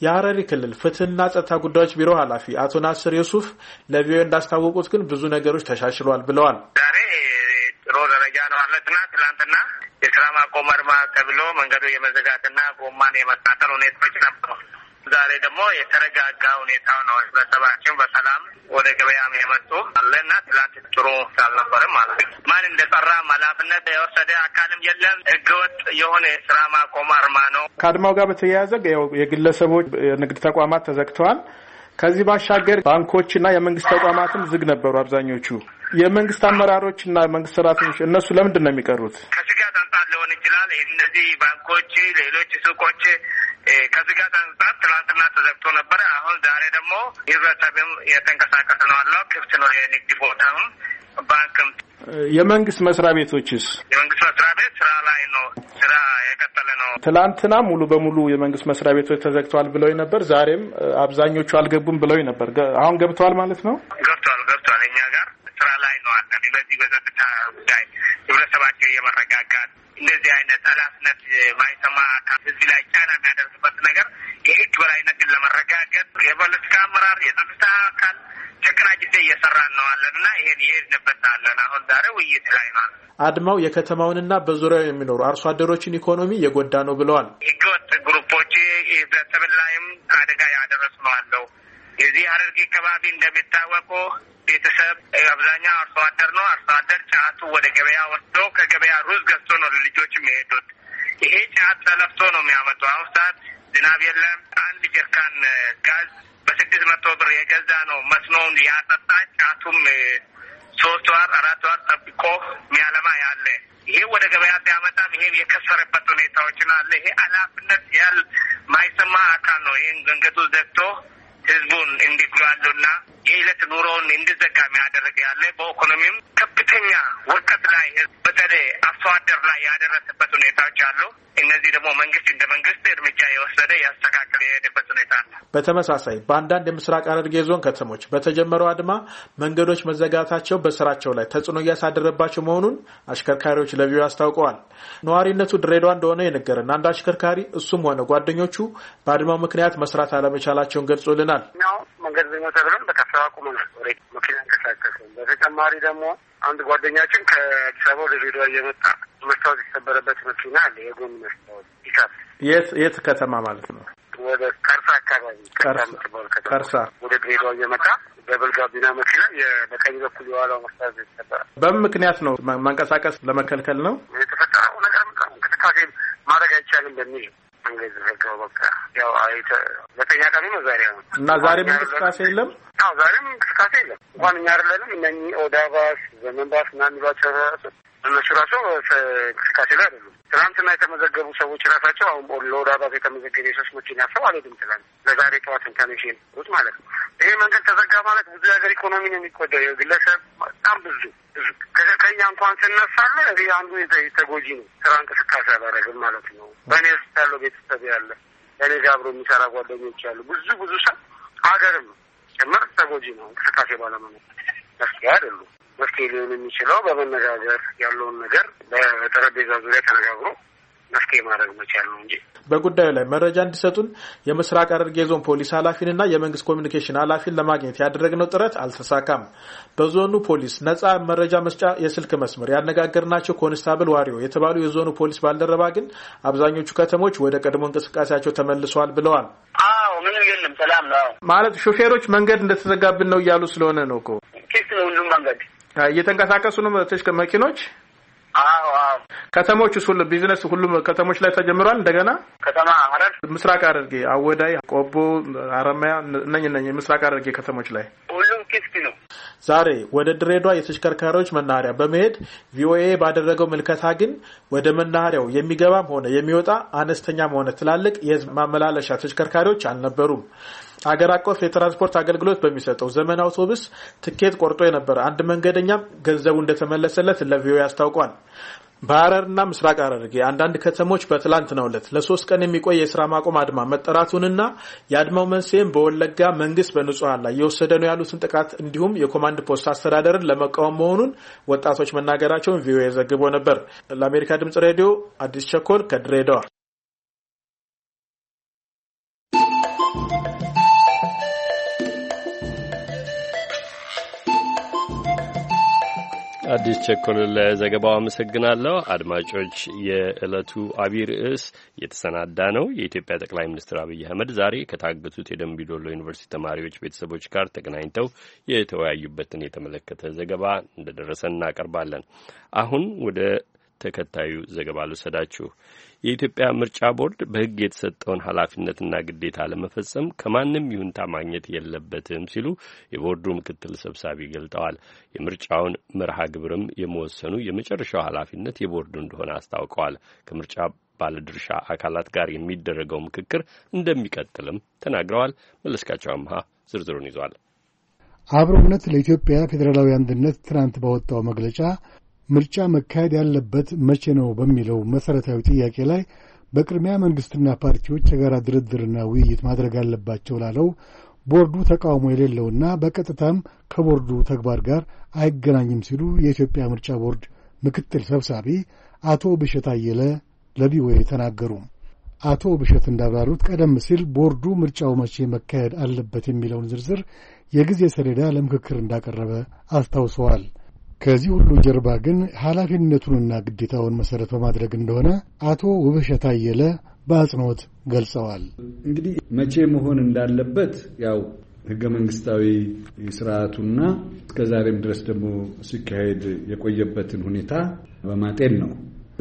የሐረሪ ክልል ፍትህና ጸጥታ ጉዳዮች ቢሮ ኃላፊ አቶ ናስር ዩሱፍ ለቪኦኤ እንዳስታወቁት ግን ብዙ ነገሮች ተሻሽሏል ብለዋል። ዛሬ ጥሩ ደረጃ ነው አለ ትናንትና የስራ ማቆም አድማ ተብሎ መንገዱ የመዘጋትና ጎማን የመሳተር ሁኔታዎች ነበሩ። ዛሬ ደግሞ የተረጋጋ ሁኔታው ነው። ህብረተሰባችን በሰላም ወደ ገበያም የመጡ አለና ትላንት ጥሩ አልነበርም ማለት ነው። ማን እንደጠራ ኃላፊነት የወሰደ አካልም የለም። ህገወጥ የሆነ የስራ ማቆም አድማ ነው። ከአድማው ጋር በተያያዘ የግለሰቦች የንግድ ተቋማት ተዘግተዋል። ከዚህ ባሻገር ባንኮችና የመንግስት ተቋማትም ዝግ ነበሩ አብዛኞቹ የመንግስት አመራሮች እና መንግስት ሰራተኞች እነሱ ለምንድን ነው የሚቀሩት? ከስጋት አንጻር ሊሆን ይችላል። እነዚህ ባንኮች፣ ሌሎች ሱቆች ከስጋት አንጻር ትናንትና ተዘግቶ ነበረ። አሁን ዛሬ ደግሞ ህብረተሰብም የተንቀሳቀስ ነው አለው ክፍት ነው የንግድ ቦታም ባንክም። የመንግስት መስሪያ ቤቶችስ? የመንግስት መስሪያ ቤት ስራ ላይ ነው፣ ስራ የቀጠለ ነው። ትላንትና ሙሉ በሙሉ የመንግስት መስሪያ ቤቶች ተዘግተዋል ብለው ነበር። ዛሬም አብዛኞቹ አልገቡም ብለው ነበር። አሁን ገብተዋል ማለት ነው? ገብተዋል ገብተዋል እኛ በተለይ በዚህ በጸጥታ ጉዳይ ህብረተሰባቸው የመረጋጋት እንደዚህ አይነት ኃላፊነት ማይሰማ እዚህ ላይ ጫና የሚያደርስበት ነገር የህግ በላይነትን ለመረጋገጥ የፖለቲካ አመራር የጸጥታ አካል ጨቅና ጊዜ እየሰራ እነዋለን አለን እና ይሄን የሄድንበት አለን። አሁን ዛሬ ውይይት ላይ ነው። አድማው የከተማውንና በዙሪያው የሚኖሩ አርሶ አደሮችን ኢኮኖሚ የጎዳ ነው ብለዋል። ህገወጥ ግሩፖች ህብረተሰብን ላይም አደጋ ያደረስ ነው አለው የዚህ ሀረርጌ ከባቢ እንደሚታወቁ ቤተሰብ አብዛኛው አርሶ አደር ነው። አርሶ አደር ጫቱ ወደ ገበያ ወስዶ ከገበያ ሩዝ ገዝቶ ነው ለልጆች የሚሄዱት። ይሄ ጫት ተለፍቶ ነው የሚያመጡ። አሁን ሰዓት ዝናብ የለም። አንድ ጀርካን ጋዝ በስድስት መቶ ብር የገዛ ነው መስኖውን ያጠጣ ጫቱም ሶስት ወር አራት ወር ጠብቆ የሚያለማ ያለ ይሄ ወደ ገበያ ሲያመጣም ይሄ የከሰረበት ሁኔታዎችን አለ። ይሄ ኃላፊነት ያል ማይሰማ አካል ነው። ይህን ገንገቱ ዘግቶ ኑሮውን እንዲዘጋ ያደረገ ያለ በኢኮኖሚም ከፍተኛ ወቀት ላይ በተለይ አስተዋደር ላይ ያደረሰበት ሁኔታዎች አሉ። እነዚህ ደግሞ መንግስት እንደ መንግስት በተመሳሳይ በአንዳንድ የምስራቅ ሐረርጌ ዞን ከተሞች በተጀመረው አድማ መንገዶች መዘጋታቸው በስራቸው ላይ ተጽዕኖ እያሳደረባቸው መሆኑን አሽከርካሪዎች ለቪዮ አስታውቀዋል። ነዋሪነቱ ድሬዳዋ እንደሆነ የነገረን አንድ አሽከርካሪ እሱም ሆነ ጓደኞቹ በአድማው ምክንያት መስራት አለመቻላቸውን ገልጾልናል። መንገድ መኪና እንቀሳቀስም። በተጨማሪ ደግሞ አንድ ጓደኛችን ከአዲስ አበባ ወደ ድሬዳዋ እየመጣ መስታወት የተሰበረበት መኪና አለ። የጎን መስታወት ይካፍ የት የት ከተማ ማለት ነው ወደ ከርሳ አካባቢ ከርሳ ወደ ድሬዳዋ እየመጣ ደብል ጋቢና መኪና በቀኝ በኩል የኋላው መስተዋት የተሰበራል። በምን ምክንያት ነው? መንቀሳቀስ ለመከልከል ነው የተፈጠረው ነገር። እንቅስቃሴ ማድረግ አይቻልም በሚል መንገድ ዘጋው። በቃ ያው አይተ ዘጠኛ ቀኑ ነው ዛሬ አሁን እና ዛሬም እንቅስቃሴ የለም። ዛሬም እንቅስቃሴ የለም። እንኳን እኛ አይደለንም እነ ኦዳባስ ዘመንባስ ዘመን ባስ እና እነሱ ራሱ እንቅስቃሴ ላይ አይደሉም። ትናንትና የተመዘገቡ ሰዎች ራሳቸው አሁን ለወደ አባብ የተመዘገበ የሶስት መኪና ሰው አልሄድም ትላል ለዛሬ ጠዋት ኢንተርኔሽን ሩት ማለት ነው። ይሄ መንገድ ተዘጋ ማለት ብዙ የሀገር ኢኮኖሚ ነው የሚጎዳው። የግለሰብ በጣም ብዙ ብዙ ከኛ እንኳን ስነሳለ ይህ አንዱ ተጎጂ ነው። ስራ እንቅስቃሴ አላደረግም ማለት ነው። በእኔ ውስጥ ያለው ቤተሰብ ያለ እኔ ጋር አብሮ የሚሰራ ጓደኞች ያሉ ብዙ ብዙ ሰው ሀገርም ጭምር ተጎጂ ነው። እንቅስቃሴ ባለመኖር መፍትሄ አይደሉም። መፍትሄ ሊሆን የሚችለው በመነጋገር ያለውን ነገር በጠረጴዛ ዙሪያ ተነጋግሮ መፍትሄ ማድረግ መቻል ነው እንጂ በጉዳዩ ላይ መረጃ እንዲሰጡን የምስራቅ ሐረርጌ ዞን ፖሊስ ኃላፊንና የመንግስት ኮሚኒኬሽን ኃላፊን ለማግኘት ያደረግነው ጥረት አልተሳካም። በዞኑ ፖሊስ ነጻ መረጃ መስጫ የስልክ መስመር ያነጋገርናቸው ኮንስታብል ዋሪዮ የተባሉ የዞኑ ፖሊስ ባልደረባ ግን አብዛኞቹ ከተሞች ወደ ቀድሞ እንቅስቃሴያቸው ተመልሰዋል ብለዋል። አዎ ምንም የለም ሰላም ነው ማለት ሾፌሮች መንገድ እንደተዘጋብን ነው እያሉ ስለሆነ ነው እኮ ኬስ ነው ሁሉም መንገድ እየተንቀሳቀሱ ነው መኪኖች። አዎ አዎ። ከተሞች ሁሉ ቢዝነስ ሁሉም ከተሞች ላይ ተጀምሯል። እንደገና ከተማ ሀረር፣ ምስራቅ ሐረርጌ፣ አወዳይ፣ ቆቦ፣ አረማያ እነኝ ነኝ ምስራቅ ሐረርጌ ከተሞች ላይ ሁሉም ክፍት ነው። ዛሬ ወደ ድሬዳዋ የተሽከርካሪዎች መናኸሪያ በመሄድ ቪኦኤ ባደረገው ምልከታ ግን ወደ መናኸሪያው የሚገባም ሆነ የሚወጣ አነስተኛም ሆነ ትላልቅ የህዝብ ማመላለሻ ተሽከርካሪዎች አልነበሩም። አገር አቀፍ የትራንስፖርት አገልግሎት በሚሰጠው ዘመን አውቶቡስ ትኬት ቆርጦ የነበረ አንድ መንገደኛም ገንዘቡ እንደተመለሰለት ለቪኦኤ አስታውቋል። በሐረርና ምስራቅ ሐረርጌ አንዳንድ ከተሞች በትላንትናው ዕለት ለሶስት ቀን የሚቆይ የስራ ማቆም አድማ መጠራቱንና የአድማው መንስኤም በወለጋ መንግስት በንጹሐን ላይ እየወሰደ ነው ያሉትን ጥቃት እንዲሁም የኮማንድ ፖስት አስተዳደርን ለመቃወም መሆኑን ወጣቶች መናገራቸውን ቪኦኤ ዘግቦ ነበር። ለአሜሪካ ድምጽ ሬዲዮ አዲስ ቸኮል ከድሬዳዋ አዲስ ቸኮል ለዘገባው አመሰግናለሁ። አድማጮች፣ የዕለቱ አቢይ ርዕስ የተሰናዳ ነው። የኢትዮጵያ ጠቅላይ ሚኒስትር አብይ አህመድ ዛሬ ከታገቱት የደምቢዶሎ ዩኒቨርሲቲ ተማሪዎች ቤተሰቦች ጋር ተገናኝተው የተወያዩበትን የተመለከተ ዘገባ እንደደረሰ እናቀርባለን። አሁን ወደ ተከታዩ ዘገባ ልውሰዳችሁ። የኢትዮጵያ ምርጫ ቦርድ በሕግ የተሰጠውን ኃላፊነትና ግዴታ ለመፈጸም ከማንም ይሁንታ ማግኘት የለበትም ሲሉ የቦርዱ ምክትል ሰብሳቢ ገልጠዋል። የምርጫውን መርሃ ግብርም የመወሰኑ የመጨረሻው ኃላፊነት የቦርዱ እንደሆነ አስታውቀዋል። ከምርጫ ባለድርሻ አካላት ጋር የሚደረገው ምክክር እንደሚቀጥልም ተናግረዋል። መለስካቸው አምሃ ዝርዝሩን ይዟል። አብሮነት ለኢትዮጵያ ፌዴራላዊ አንድነት ትናንት ባወጣው መግለጫ ምርጫ መካሄድ ያለበት መቼ ነው በሚለው መሠረታዊ ጥያቄ ላይ በቅድሚያ መንግሥትና ፓርቲዎች የጋራ ድርድርና ውይይት ማድረግ አለባቸው ላለው ቦርዱ ተቃውሞ የሌለውና በቀጥታም ከቦርዱ ተግባር ጋር አይገናኝም ሲሉ የኢትዮጵያ ምርጫ ቦርድ ምክትል ሰብሳቢ አቶ ብሸት አየለ ለቪኦኤ ተናገሩ። አቶ ብሸት እንዳብራሩት ቀደም ሲል ቦርዱ ምርጫው መቼ መካሄድ አለበት የሚለውን ዝርዝር የጊዜ ሰሌዳ ለምክክር እንዳቀረበ አስታውሰዋል። ከዚህ ሁሉ ጀርባ ግን ኃላፊነቱንና ግዴታውን መሠረት በማድረግ እንደሆነ አቶ ውብሸት አየለ በአጽንኦት ገልጸዋል። እንግዲህ መቼ መሆን እንዳለበት ያው ህገ መንግስታዊ ስርዓቱና ዛሬም ድረስ ደግሞ ሲካሄድ የቆየበትን ሁኔታ በማጤን ነው።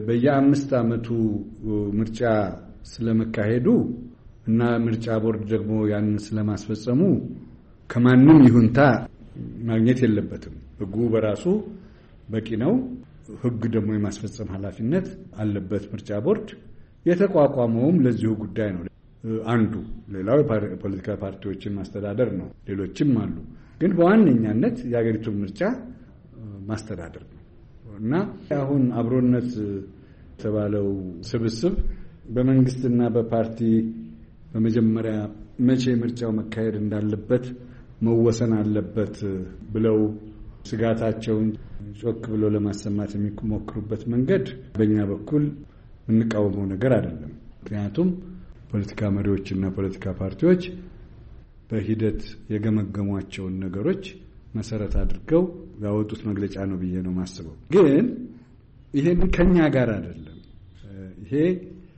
በየአምስት ዓመቱ ምርጫ ስለመካሄዱ እና ምርጫ ቦርድ ደግሞ ያንን ስለማስፈጸሙ ከማንም ይሁንታ ማግኘት የለበትም። ህጉ በራሱ በቂ ነው። ህግ ደግሞ የማስፈጸም ኃላፊነት አለበት ምርጫ ቦርድ። የተቋቋመውም ለዚሁ ጉዳይ ነው አንዱ። ሌላው የፖለቲካ ፓርቲዎችን ማስተዳደር ነው። ሌሎችም አሉ፣ ግን በዋነኛነት የሀገሪቱን ምርጫ ማስተዳደር ነው እና አሁን አብሮነት የተባለው ስብስብ በመንግስትና በፓርቲ በመጀመሪያ መቼ ምርጫው መካሄድ እንዳለበት መወሰን አለበት ብለው ስጋታቸውን ጮክ ብሎ ለማሰማት የሚሞክሩበት መንገድ በእኛ በኩል የምንቃወመው ነገር አይደለም። ምክንያቱም ፖለቲካ መሪዎች እና ፖለቲካ ፓርቲዎች በሂደት የገመገሟቸውን ነገሮች መሰረት አድርገው ያወጡት መግለጫ ነው ብዬ ነው ማስበው ግን ይሄን ከኛ ጋር አይደለም። ይሄ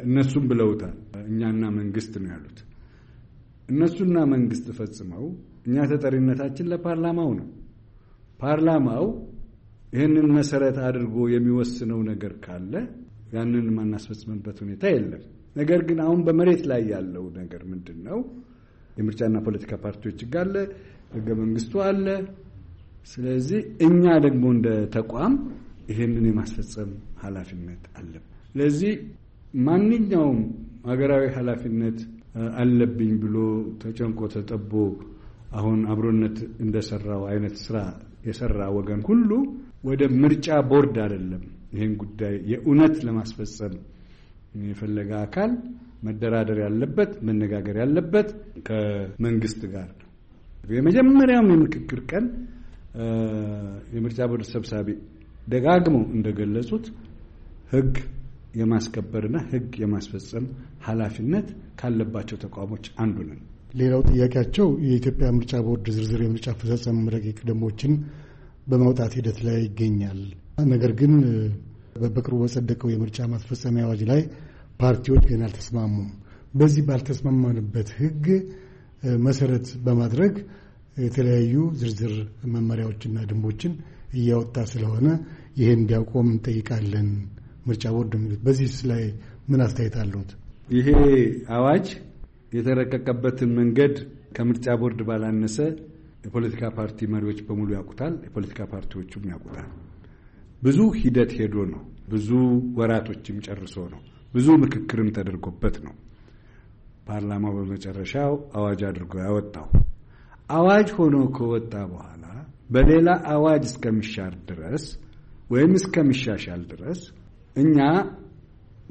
እነሱም ብለውታል። እኛና መንግስት ነው ያሉት። እነሱና መንግስት ፈጽመው እኛ ተጠሪነታችን ለፓርላማው ነው። ፓርላማው ይህንን መሰረት አድርጎ የሚወስነው ነገር ካለ ያንን የማናስፈጽምበት ሁኔታ የለም። ነገር ግን አሁን በመሬት ላይ ያለው ነገር ምንድን ነው? የምርጫና ፖለቲካ ፓርቲዎች ሕግ አለ፣ መንግስቱ አለ። ስለዚህ እኛ ደግሞ እንደ ተቋም ይህንን የማስፈጸም ኃላፊነት አለብን። ስለዚህ ማንኛውም ሀገራዊ ኃላፊነት አለብኝ ብሎ ተጨንቆ ተጠቦ አሁን አብሮነት እንደሰራው አይነት ስራ የሰራ ወገን ሁሉ ወደ ምርጫ ቦርድ አይደለም ይህን ጉዳይ የእውነት ለማስፈጸም የፈለገ አካል መደራደር ያለበት መነጋገር ያለበት ከመንግስት ጋር ነው። የመጀመሪያውም የምክክር ቀን የምርጫ ቦርድ ሰብሳቢ ደጋግመው እንደገለጹት ህግ የማስከበርና ህግ የማስፈጸም ኃላፊነት ካለባቸው ተቋሞች አንዱ ነን። ሌላው ጥያቄያቸው የኢትዮጵያ ምርጫ ቦርድ ዝርዝር የምርጫ አፈጻጸም ረቂቅ ደንቦችን በማውጣት ሂደት ላይ ይገኛል። ነገር ግን በቅርቡ በጸደቀው የምርጫ ማስፈጸሚያ አዋጅ ላይ ፓርቲዎች ግን አልተስማሙም። በዚህ ባልተስማማንበት ሕግ መሰረት በማድረግ የተለያዩ ዝርዝር መመሪያዎችና ድንቦችን እያወጣ ስለሆነ ይህን እንዲያውቆም እንጠይቃለን። ምርጫ ቦርድ በዚህ ላይ ምን አስተያየት አለዎት? ይሄ አዋጅ የተረቀቀበትን መንገድ ከምርጫ ቦርድ ባላነሰ የፖለቲካ ፓርቲ መሪዎች በሙሉ ያውቁታል። የፖለቲካ ፓርቲዎቹም ያውቁታል። ብዙ ሂደት ሄዶ ነው። ብዙ ወራቶችም ጨርሶ ነው። ብዙ ምክክርም ተደርጎበት ነው ፓርላማው በመጨረሻው አዋጅ አድርጎ ያወጣው። አዋጅ ሆኖ ከወጣ በኋላ በሌላ አዋጅ እስከሚሻር ድረስ ወይም እስከሚሻሻል ድረስ እኛ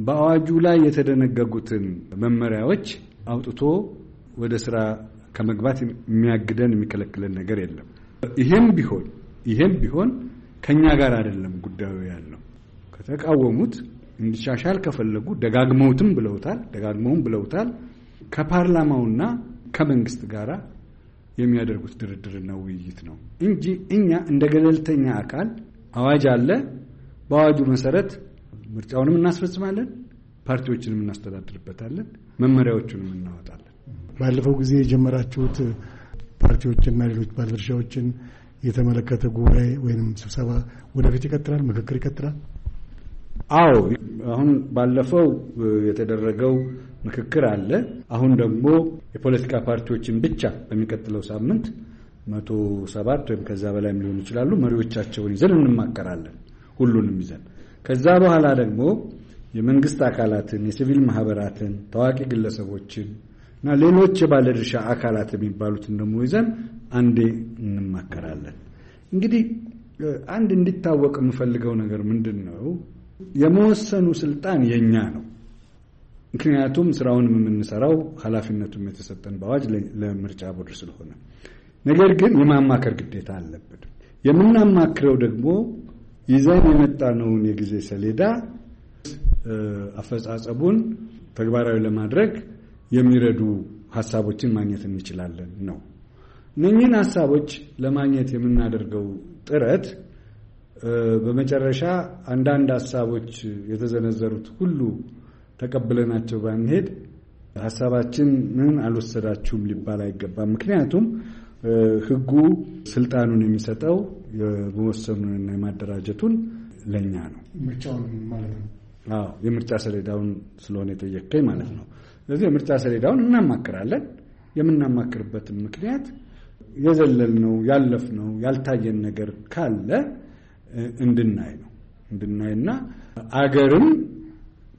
በአዋጁ ላይ የተደነገጉትን መመሪያዎች አውጥቶ ወደ ስራ ከመግባት የሚያግደን የሚከለክለን ነገር የለም። ይሄም ቢሆን ይሄም ቢሆን ከእኛ ጋር አይደለም ጉዳዩ ያለው። ከተቃወሙት እንዲሻሻል ከፈለጉ ደጋግመውትም ብለውታል ደጋግመውም ብለውታል ከፓርላማውና ከመንግስት ጋር የሚያደርጉት ድርድርና ውይይት ነው እንጂ እኛ እንደ ገለልተኛ አካል አዋጅ አለ፣ በአዋጁ መሰረት ምርጫውንም እናስፈጽማለን ፓርቲዎችን እናስተዳድርበታለን፣ መመሪያዎቹንም እናወጣለን። ባለፈው ጊዜ የጀመራችሁት ፓርቲዎችና ሌሎች ባለድርሻዎችን የተመለከተ ጉባኤ ወይም ስብሰባ ወደፊት ይቀጥላል፣ ምክክር ይቀጥላል። አዎ አሁን ባለፈው የተደረገው ምክክር አለ። አሁን ደግሞ የፖለቲካ ፓርቲዎችን ብቻ በሚቀጥለው ሳምንት መቶ ሰባት ወይም ከዛ በላይም ሊሆኑ ይችላሉ መሪዎቻቸውን ይዘን እንማከራለን፣ ሁሉንም ይዘን ከዛ በኋላ ደግሞ የመንግስት አካላትን፣ የሲቪል ማህበራትን፣ ታዋቂ ግለሰቦችን እና ሌሎች የባለድርሻ አካላት የሚባሉትን ደግሞ ይዘን አንዴ እንማከራለን። እንግዲህ አንድ እንዲታወቅ የምፈልገው ነገር ምንድን ነው? የመወሰኑ ስልጣን የእኛ ነው። ምክንያቱም ስራውን የምንሰራው ኃላፊነቱም የተሰጠን በአዋጅ ለምርጫ ቦርድ ስለሆነ፣ ነገር ግን የማማከር ግዴታ አለብን። የምናማክረው ደግሞ ይዘን የመጣነውን የጊዜ ሰሌዳ አፈጻጸቡን ተግባራዊ ለማድረግ የሚረዱ ሀሳቦችን ማግኘት እንችላለን ነው። እነኚህን ሀሳቦች ለማግኘት የምናደርገው ጥረት በመጨረሻ አንዳንድ ሀሳቦች የተዘነዘሩት ሁሉ ተቀብለናቸው ባንሄድ ሀሳባችንን አልወሰዳችሁም ሊባል አይገባም። ምክንያቱም ሕጉ ስልጣኑን የሚሰጠው የመወሰኑንና የማደራጀቱን ለእኛ ነው። ምርጫውን ማለት ነው። የምርጫ ሰሌዳውን ስለሆነ የጠየቀኝ ማለት ነው። ስለዚህ የምርጫ ሰሌዳውን እናማክራለን። የምናማክርበትን ምክንያት የዘለልነው ያለፍነው ያልታየን ነገር ካለ እንድናይ ነው እንድናይና አገርም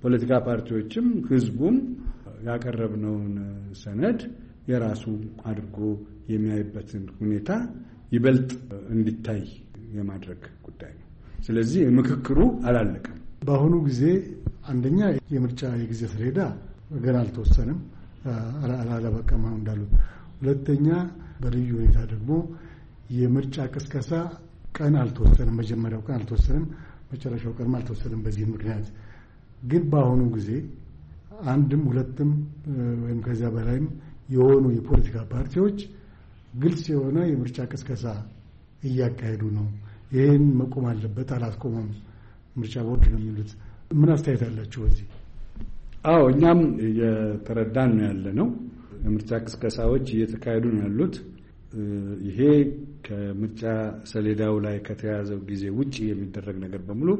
ፖለቲካ ፓርቲዎችም ህዝቡም ያቀረብነውን ሰነድ የራሱ አድርጎ የሚያይበትን ሁኔታ ይበልጥ እንዲታይ የማድረግ ጉዳይ ነው። ስለዚህ ምክክሩ አላለቀም። በአሁኑ ጊዜ አንደኛ የምርጫ የጊዜ ሰሌዳ ገና አልተወሰንም፣ አላለበቀም እንዳሉት። ሁለተኛ በልዩ ሁኔታ ደግሞ የምርጫ ቅስቀሳ ቀን አልተወሰንም። መጀመሪያው ቀን አልተወሰንም፣ መጨረሻው ቀንም አልተወሰንም። በዚህ ምክንያት ግን በአሁኑ ጊዜ አንድም ሁለትም ወይም ከዚያ በላይም የሆኑ የፖለቲካ ፓርቲዎች ግልጽ የሆነ የምርጫ ቅስቀሳ እያካሄዱ ነው። ይህን መቆም አለበት፣ አላስቆመም ምርጫ ቦርድ ነው የሚሉት። ምን አስተያየት አላችሁ በዚህ? አዎ እኛም እየተረዳን ነው ያለ ነው። የምርጫ ቅስቀሳዎች እየተካሄዱ ነው ያሉት። ይሄ ከምርጫ ሰሌዳው ላይ ከተያዘው ጊዜ ውጭ የሚደረግ ነገር በሙሉ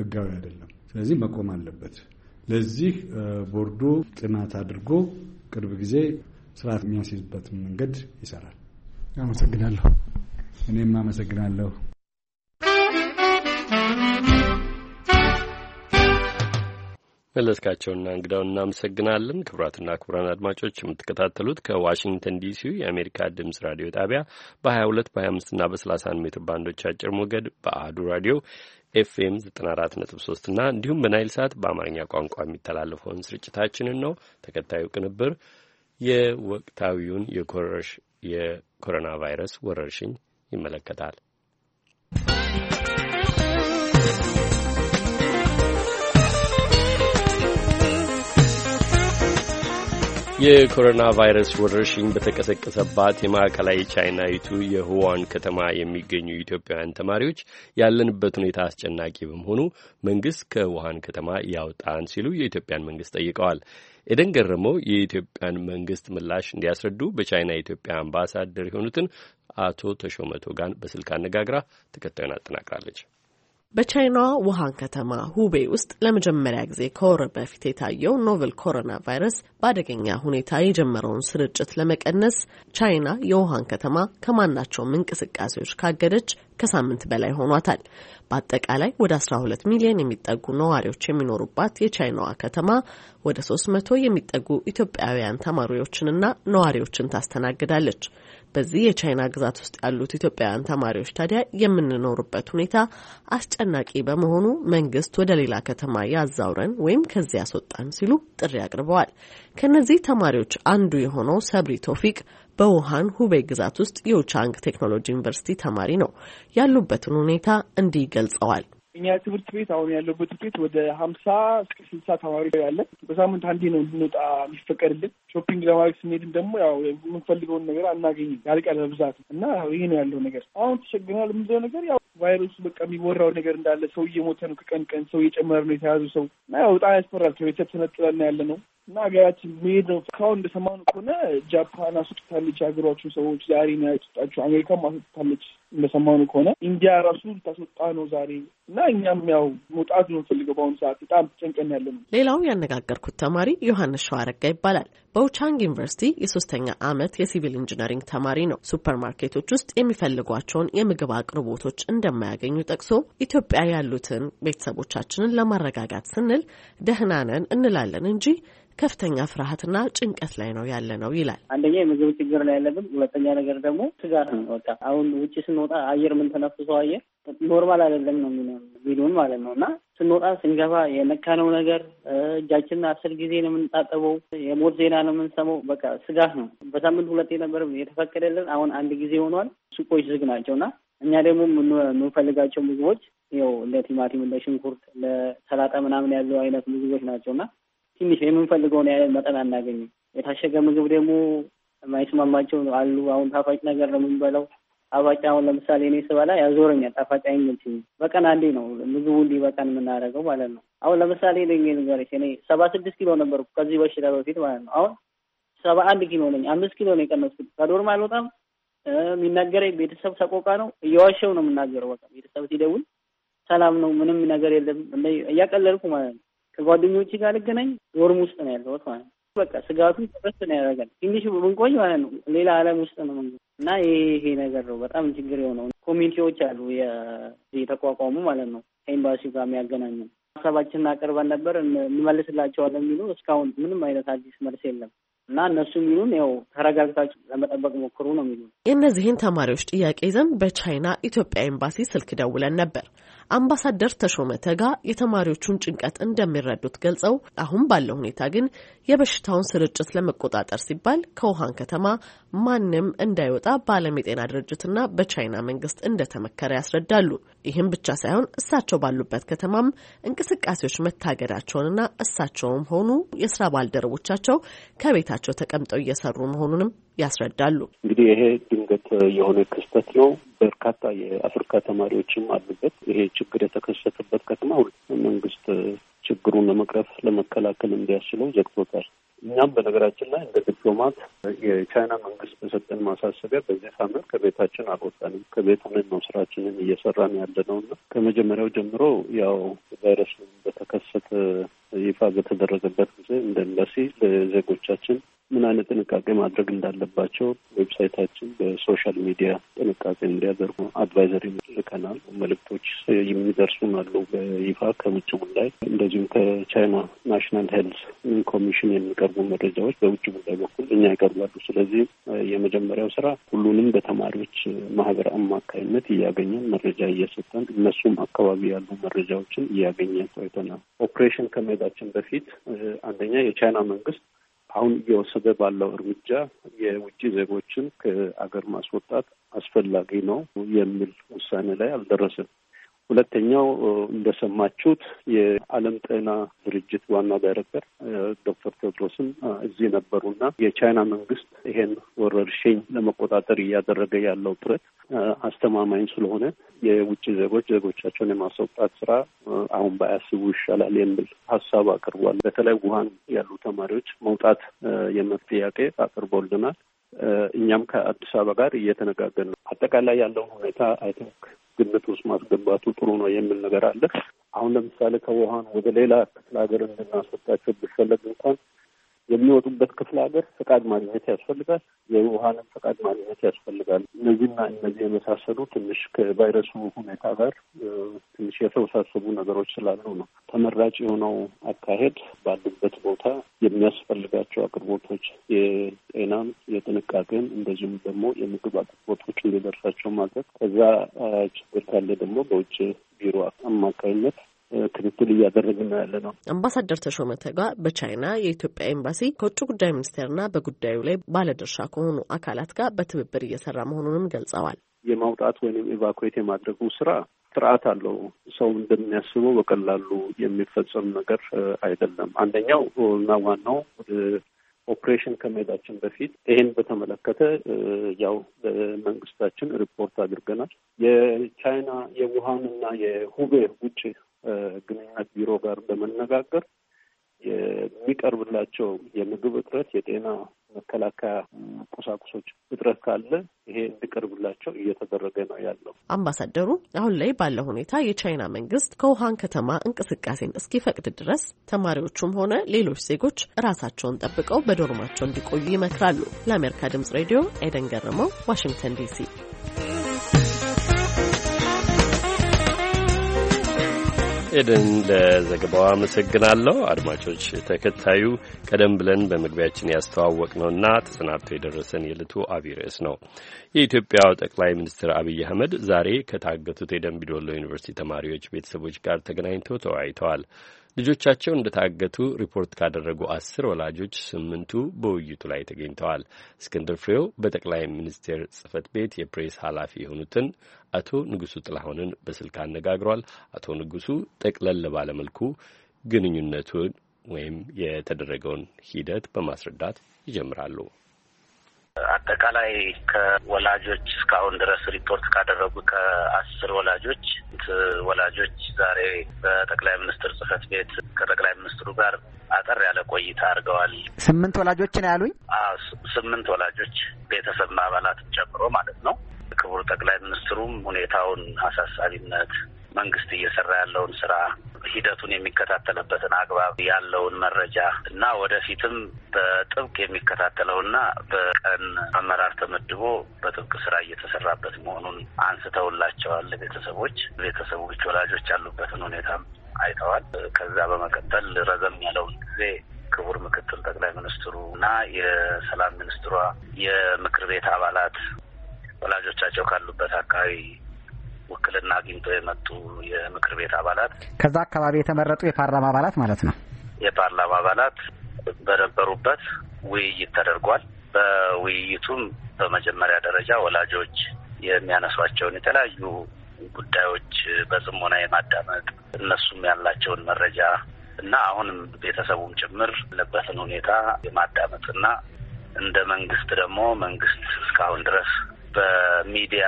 ህጋዊ አይደለም። ስለዚህ መቆም አለበት። ለዚህ ቦርዱ ጥናት አድርጎ ቅርብ ጊዜ ስርዓት የሚያስይዝበትን መንገድ ይሰራል። አመሰግናለሁ። እኔም አመሰግናለሁ። መለስካቸውና እንግዳው እናመሰግናለን። ክቡራትና ክቡራን አድማጮች የምትከታተሉት ከዋሽንግተን ዲሲ የአሜሪካ ድምጽ ራዲዮ ጣቢያ በ22 በ25ና በ31 ሜትር ባንዶች አጭር ሞገድ በአህዱ ራዲዮ ኤፍኤም 94.3 እና እንዲሁም በናይል ሳት በአማርኛ ቋንቋ የሚተላለፈውን ስርጭታችንን ነው። ተከታዩ ቅንብር የወቅታዊውን የኮሮና ቫይረስ ወረርሽኝ ይመለከታል። የኮሮና ቫይረስ ወረርሽኝ በተቀሰቀሰባት የማዕከላዊ ቻይናዊቱ የሁዋን ከተማ የሚገኙ ኢትዮጵያውያን ተማሪዎች ያለንበት ሁኔታ አስጨናቂ በመሆኑ መንግስት ከውሃን ከተማ ያውጣን ሲሉ የኢትዮጵያን መንግስት ጠይቀዋል። ኤደን ገረመው የኢትዮጵያን መንግስት ምላሽ እንዲያስረዱ በቻይና የኢትዮጵያ አምባሳደር የሆኑትን አቶ ተሾመቶ ጋን በስልክ አነጋግራ ተከታዩን አጠናቅራለች። በቻይናዋ ውሃን ከተማ ሁቤ ውስጥ ለመጀመሪያ ጊዜ ከወር በፊት የታየው ኖቨል ኮሮና ቫይረስ በአደገኛ ሁኔታ የጀመረውን ስርጭት ለመቀነስ ቻይና የውሃን ከተማ ከማናቸውም እንቅስቃሴዎች ካገደች ከሳምንት በላይ ሆኗታል። በአጠቃላይ ወደ 12 ሚሊዮን የሚጠጉ ነዋሪዎች የሚኖሩባት የቻይናዋ ከተማ ወደ 300 የሚጠጉ ኢትዮጵያውያን ተማሪዎችንና ነዋሪዎችን ታስተናግዳለች። በዚህ የቻይና ግዛት ውስጥ ያሉት ኢትዮጵያውያን ተማሪዎች ታዲያ የምንኖርበት ሁኔታ አስጨናቂ በመሆኑ መንግስት ወደ ሌላ ከተማ ያዛውረን ወይም ከዚህ ያስወጣን ሲሉ ጥሪ አቅርበዋል። ከእነዚህ ተማሪዎች አንዱ የሆነው ሰብሪ ቶፊቅ በውሃን ሁቤ ግዛት ውስጥ የውቻንግ ቴክኖሎጂ ዩኒቨርሲቲ ተማሪ ነው። ያሉበትን ሁኔታ እንዲህ ገልጸዋል። እኛ ትምህርት ቤት አሁን ያለበት ትምህርት ቤት ወደ ሀምሳ እስከ ስልሳ ተማሪ ያለ በሳምንት አንዴ ነው እንድንወጣ የሚፈቀድልን። ሾፒንግ ለማድረግ ስንሄድም ደግሞ ያው የምንፈልገውን ነገር አናገኝም፣ ያልቃል በብዛት እና ይህ ነው ያለው ነገር። አሁን ተቸግናል የምንለው ነገር ያው ቫይረሱ በቃ የሚወራው ነገር እንዳለ ሰው እየሞተ ነው ከቀን ቀን ሰው እየጨመረ ነው የተያዙ ሰው እና ያው በጣም ያስፈራል። ከቤተሰብ ተነጥለን ያለ ነው እና ሀገራችን መሄድ ነው። እስካሁን እንደሰማነው ከሆነ ጃፓን አስወጥታለች የሀገሯችን ሰዎች ዛሬ ነው ያስወጣችው። አሜሪካም አስወጥታለች እንደሰማነው ከሆነ ኢንዲያ ራሱ ልታስወጣ ነው ዛሬ እና እኛም ያው መውጣት ነው እንፈልገው በአሁኑ ሰዓት በጣም ተጨንቀን ያለ ነው። ሌላው ያነጋገርኩት ተማሪ ዮሐንስ ሸዋረጋ ይባላል። በውቻንግ ዩኒቨርሲቲ የሶስተኛ አመት የሲቪል ኢንጂነሪንግ ተማሪ ነው። ሱፐር ማርኬቶች ውስጥ የሚፈልጓቸውን የምግብ አቅርቦቶች እንደማያገኙ ጠቅሶ ኢትዮጵያ ያሉትን ቤተሰቦቻችንን ለማረጋጋት ስንል ደህናነን እንላለን እንጂ ከፍተኛ ፍርሃትና ጭንቀት ላይ ነው ያለ ነው ይላል። አንደኛ የምግብ ችግር ላይ ያለብን፣ ሁለተኛ ነገር ደግሞ ስጋት ነው። በቃ አሁን ውጭ ስንወጣ አየር የምንተነፍሰው አየር ኖርማል አይደለም ነው ሚሉን ማለት ነው እና ስንወጣ ስንገባ የነካነው ነገር እጃችንን አስር ጊዜ ነው የምንጣጠበው። የሞት ዜና ነው የምንሰማው። በቃ ስጋት ነው። በሳምንት ሁለቴ ነበር የተፈቀደልን፣ አሁን አንድ ጊዜ ሆኗል። ሱቆች ዝግ ናቸው እና እኛ ደግሞ የምንፈልጋቸው ምግቦች ያው እንደ ቲማቲም፣ እንደ ሽንኩርት፣ ለሰላጣ ምናምን ያለው አይነት ምግቦች ናቸው እና ትንሽ የምንፈልገውን ያለ መጠን አናገኝም። የታሸገ ምግብ ደግሞ የማይስማማቸው አሉ። አሁን ጣፋጭ ነገር ነው የምንበላው። ጣፋጭ አሁን ለምሳሌ እኔ ስበላ ያዞረኛል። ጣፋጭ አይመችኝ። በቀን አንዴ ነው ምግቡ እንዲበቃን የምናደርገው ማለት ነው። አሁን ለምሳሌ ነገሮች እኔ ሰባ ስድስት ኪሎ ነበርኩ ከዚህ በሽታ በፊት ማለት ነው። አሁን ሰባ አንድ ኪሎ ነኝ። አምስት ኪሎ ነው የቀነስኩት። ከዶርም አልወጣም። የሚናገረኝ ቤተሰብ ሰቆቃ ነው። እየዋሸው ነው የምናገረው። በቃ ቤተሰብ ሲደውል ሰላም ነው ምንም ነገር የለም እያቀለልኩ ማለት ነው ከጓደኞች ጋር ልገናኝ ዶርም ውስጥ ነው ያለሁት ማለት ነው። በቃ ስጋቱ ጥርስ ነው ያደረገን። ትንሽ ብንቆይ ማለት ነው ሌላ አለም ውስጥ ነው መንገ እና ይሄ ነገር ነው በጣም ችግር የሆነው። ኮሚኒቲዎች አሉ የተቋቋሙ ማለት ነው ከኤምባሲው ጋር የሚያገናኙ ሀሳባችንን አቅርበን ነበር እንመልስላቸዋለን የሚሉ እስካሁን ምንም አይነት አዲስ መልስ የለም። እና እነሱ የሚሉን ያው ተረጋግታችሁ ለመጠበቅ ሞክሩ ነው የሚሉን። የእነዚህን ተማሪዎች ጥያቄ ይዘን በቻይና ኢትዮጵያ ኤምባሲ ስልክ ደውለን ነበር። አምባሳደር ተሾመ ተጋ የተማሪዎቹን ጭንቀት እንደሚረዱት ገልጸው አሁን ባለው ሁኔታ ግን የበሽታውን ስርጭት ለመቆጣጠር ሲባል ከውሃን ከተማ ማንም እንዳይወጣ በዓለም የጤና ድርጅትና በቻይና መንግስት እንደተመከረ ያስረዳሉ። ይህም ብቻ ሳይሆን እሳቸው ባሉበት ከተማም እንቅስቃሴዎች መታገዳቸውንና እሳቸውም ሆኑ የስራ ባልደረቦቻቸው ከቤታቸው ተቀምጠው እየሰሩ መሆኑንም ያስረዳሉ። እንግዲህ ይሄ ድንገት የሆነ ክስተት ነው። በርካታ የአፍሪካ ተማሪዎችም አሉበት። ይሄ ችግር የተከሰተበት ከተማ መንግስት ችግሩን ለመቅረፍ ለመከላከል እንዲያስችለው ዘግቶታል። እኛም በነገራችን ላይ እንደ ዲፕሎማት የቻይና መንግስት በሰጠን ማሳሰቢያ በዚህ ሳምንት ከቤታችን አልወጣንም። ከቤት ሆነን ነው ስራችንን እየሰራን ያለ ነው እና ከመጀመሪያው ጀምሮ ያው ቫይረሱ በተከሰተ ይፋ በተደረገበት ጊዜ እንደ ኤምባሲ ለዜጎቻችን ምን አይነት ጥንቃቄ ማድረግ እንዳለባቸው ዌብሳይታችን በሶሻል ሚዲያ ጥንቃቄ እንዲያደርጉ አድቫይዘሪ ልከናል። መልእክቶች የሚደርሱን አሉ በይፋ ከውጭ ጉዳይ እንደዚሁም ከቻይና ናሽናል ሄልስ ኮሚሽን የሚቀርቡ መረጃዎች በውጭ ጉዳይ በኩል እኛ ይቀርባሉ። ስለዚህ የመጀመሪያው ስራ ሁሉንም በተማሪዎች ማህበር አማካይነት እያገኘን መረጃ እየሰጠን እነሱም አካባቢ ያሉ መረጃዎችን እያገኘን ቆይተናል። ኦፕሬሽን ከመሄዳችን በፊት አንደኛ የቻይና መንግስት አሁን እየወሰደ ባለው እርምጃ የውጭ ዜጎችን ከአገር ማስወጣት አስፈላጊ ነው የሚል ውሳኔ ላይ አልደረሰም። ሁለተኛው እንደሰማችሁት የዓለም ጤና ድርጅት ዋና ዳይሬክተር ዶክተር ቴዎድሮስም እዚህ ነበሩና የቻይና መንግስት ይሄን ወረርሽኝ ለመቆጣጠር እያደረገ ያለው ጥረት አስተማማኝ ስለሆነ የውጭ ዜጎች ዜጎቻቸውን የማስወጣት ስራ አሁን ባያስቡ ይሻላል የሚል ሀሳብ አቅርቧል። በተለይ ውሃን ያሉ ተማሪዎች መውጣት የመብት ጥያቄ አቅርቦልናል። እኛም ከአዲስ አበባ ጋር እየተነጋገን ነው። አጠቃላይ ያለው ሁኔታ አይተክ ግምት ውስጥ ማስገባቱ ጥሩ ነው የሚል ነገር አለ። አሁን ለምሳሌ ከውሃን ወደ ሌላ ክፍለ ሀገር እንድናስወጣቸው ቢፈለግ እንኳን የሚወጡበት ክፍለ ሀገር ፈቃድ ማግኘት ያስፈልጋል። የውሃንም ፈቃድ ማግኘት ያስፈልጋል። እነዚህና እነዚህ የመሳሰሉ ትንሽ ከቫይረሱ ሁኔታ ጋር ትንሽ የተወሳሰቡ ነገሮች ስላሉ ነው ተመራጭ የሆነው አካሄድ ባሉበት ቦታ የሚያስፈልጋቸው አቅርቦቶች የጤናም የጥንቃቄም እንደዚሁም ደግሞ የምግብ አቅርቦቶች እንዲደርሳቸው ማድረግ ከዛ ችግር ካለ ደግሞ በውጭ ቢሮ አማካኝነት ትክክል እያደረግን ያለ ነው። አምባሳደር ተሾመ ተጋ በቻይና የኢትዮጵያ ኤምባሲ ከውጭ ጉዳይ ሚኒስቴርና በጉዳዩ ላይ ባለድርሻ ከሆኑ አካላት ጋር በትብብር እየሰራ መሆኑንም ገልጸዋል። የማውጣት ወይም ኢቫኩዌት የማድረጉ ስራ ስርዓት አለው። ሰው እንደሚያስበው በቀላሉ የሚፈጸም ነገር አይደለም። አንደኛው እና ዋናው ኦፕሬሽን ከመሄዳችን በፊት ይህን በተመለከተ ያው መንግስታችን ሪፖርት አድርገናል። የቻይና የውሃንና የሁቤ ውጭ ግንኙነት ቢሮ ጋር በመነጋገር የሚቀርብላቸው የምግብ እጥረት፣ የጤና መከላከያ ቁሳቁሶች እጥረት ካለ ይሄ እንዲቀርብላቸው እየተደረገ ነው ያለው አምባሳደሩ። አሁን ላይ ባለው ሁኔታ የቻይና መንግስት ከውሃን ከተማ እንቅስቃሴን እስኪፈቅድ ድረስ ተማሪዎቹም ሆነ ሌሎች ዜጎች ራሳቸውን ጠብቀው በዶርማቸው እንዲቆዩ ይመክራሉ። ለአሜሪካ ድምጽ ሬዲዮ ኤደን ገረመው፣ ዋሽንግተን ዲሲ ኤደን ለዘገባው አመሰግናለሁ። አድማጮች ተከታዩ ቀደም ብለን በመግቢያችን ያስተዋወቅ ነውና ተሰናድቶ የደረሰን የዕለቱ አብይ ርዕስ ነው። የኢትዮጵያው ጠቅላይ ሚኒስትር አብይ አህመድ ዛሬ ከታገቱት የደንቢዶሎ ዩኒቨርሲቲ ተማሪዎች ቤተሰቦች ጋር ተገናኝተው ተወያይተዋል። ልጆቻቸው እንደታገቱ ሪፖርት ካደረጉ አስር ወላጆች ስምንቱ በውይይቱ ላይ ተገኝተዋል። እስክንድር ፍሬው በጠቅላይ ሚኒስቴር ጽህፈት ቤት የፕሬስ ኃላፊ የሆኑትን አቶ ንጉሱ ጥላሁንን በስልክ አነጋግሯል። አቶ ንጉሱ ጠቅለል ባለመልኩ ግንኙነቱን ወይም የተደረገውን ሂደት በማስረዳት ይጀምራሉ። አጠቃላይ ከወላጆች እስካሁን ድረስ ሪፖርት ካደረጉ ከአስር ወላጆች ወላጆች ዛሬ በጠቅላይ ሚኒስትር ጽህፈት ቤት ከጠቅላይ ሚኒስትሩ ጋር አጠር ያለ ቆይታ አድርገዋል። ስምንት ወላጆችን ያሉኝ? ስምንት ወላጆች ቤተሰብ አባላት ጨምሮ ማለት ነው። ክቡር ጠቅላይ ሚኒስትሩም ሁኔታውን አሳሳቢነት መንግስት እየሰራ ያለውን ስራ ሂደቱን የሚከታተልበትን አግባብ ያለውን መረጃ እና ወደፊትም በጥብቅ የሚከታተለውና በቀን አመራር ተመድቦ በጥብቅ ስራ እየተሰራበት መሆኑን አንስተውላቸዋል። ቤተሰቦች ቤተሰቦች ወላጆች ያሉበትን ሁኔታም አይተዋል። ከዛ በመቀጠል ረዘም ያለውን ጊዜ ክቡር ምክትል ጠቅላይ ሚኒስትሩ እና የሰላም ሚኒስትሯ የምክር ቤት አባላት ወላጆቻቸው ካሉበት አካባቢ ውክልና አግኝቶ የመጡ የምክር ቤት አባላት ከዛ አካባቢ የተመረጡ የፓርላማ አባላት ማለት ነው። የፓርላማ አባላት በነበሩበት ውይይት ተደርጓል። በውይይቱም በመጀመሪያ ደረጃ ወላጆች የሚያነሷቸውን የተለያዩ ጉዳዮች በጽሞና የማዳመጥ እነሱም ያላቸውን መረጃ እና አሁንም ቤተሰቡም ጭምር ያለበትን ሁኔታ የማዳመጥና እንደ መንግስት ደግሞ መንግስት እስካሁን ድረስ በሚዲያ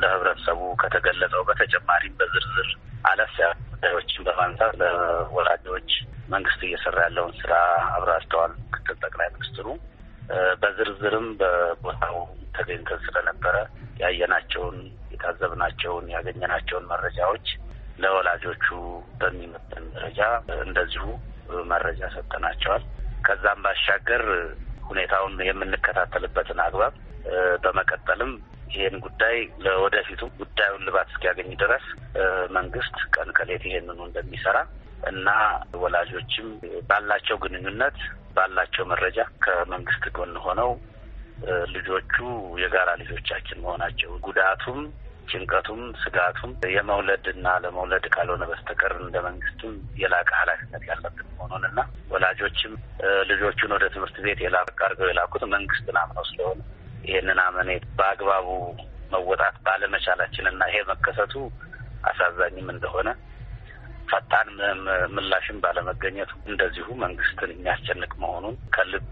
ለህብረተሰቡ ከተገለጸው በተጨማሪም በዝርዝር አለፍ ያሉ ጉዳዮችን በማንሳት ለወላጆች መንግስት እየሰራ ያለውን ስራ አብራርተዋል። ምክትል ጠቅላይ ሚኒስትሩ በዝርዝርም በቦታው ተገኝተን ስለነበረ ያየናቸውን፣ የታዘብናቸውን፣ ያገኘናቸውን መረጃዎች ለወላጆቹ በሚመጠን ደረጃ እንደዚሁ መረጃ ሰጥተናቸዋል። ከዛም ባሻገር ሁኔታውን የምንከታተልበትን አግባብ በመቀጠልም ይህን ጉዳይ ለወደፊቱ ጉዳዩን ልባት እስኪያገኝ ድረስ መንግስት ቀን ከሌት ይሄንኑ እንደሚሰራ እና ወላጆችም ባላቸው ግንኙነት ባላቸው መረጃ ከመንግስት ጎን ሆነው ልጆቹ የጋራ ልጆቻችን መሆናቸው ጉዳቱም ጭንቀቱም ስጋቱም የመውለድ እና ለመውለድ ካልሆነ በስተቀር እንደ መንግስትም የላቀ ኃላፊነት ያለብን መሆኑንና ወላጆችም ልጆቹን ወደ ትምህርት ቤት የላቀ አድርገው የላኩት መንግስትን አምነው ስለሆነ ይህንን አመኔት በአግባቡ መወጣት ባለመቻላችን እና ይሄ መከሰቱ አሳዛኝም እንደሆነ ፈጣን ምላሽም ባለመገኘቱ እንደዚሁ መንግስትን የሚያስጨንቅ መሆኑን ከልብ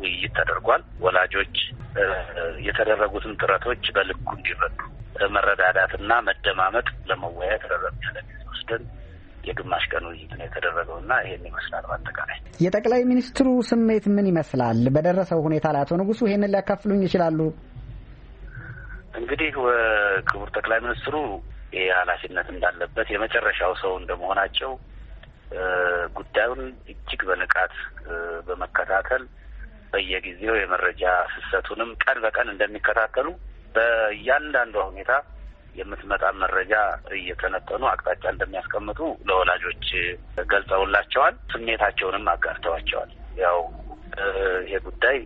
ውይይት ተደርጓል። ወላጆች የተደረጉትን ጥረቶች በልኩ እንዲረዱ መረዳዳትና መደማመጥ ለመወያየት ረዘም ያለ ጊዜ ወስደን የግማሽ ቀን ውይይት ነው የተደረገው እና ይሄን ይመስላል። በአጠቃላይ የጠቅላይ ሚኒስትሩ ስሜት ምን ይመስላል በደረሰው ሁኔታ ላይ? አቶ ንጉሱ ይሄንን ሊያካፍሉኝ ይችላሉ? እንግዲህ ክቡር ጠቅላይ ሚኒስትሩ ይህ ኃላፊነት እንዳለበት የመጨረሻው ሰው እንደመሆናቸው ጉዳዩን እጅግ በንቃት በመከታተል በየጊዜው የመረጃ ፍሰቱንም ቀን በቀን እንደሚከታተሉ በእያንዳንዷ ሁኔታ የምትመጣ መረጃ እየተነጠኑ አቅጣጫ እንደሚያስቀምጡ ለወላጆች ገልጸውላቸዋል። ስሜታቸውንም አጋርተዋቸዋል። ያው ይሄ ጉዳይ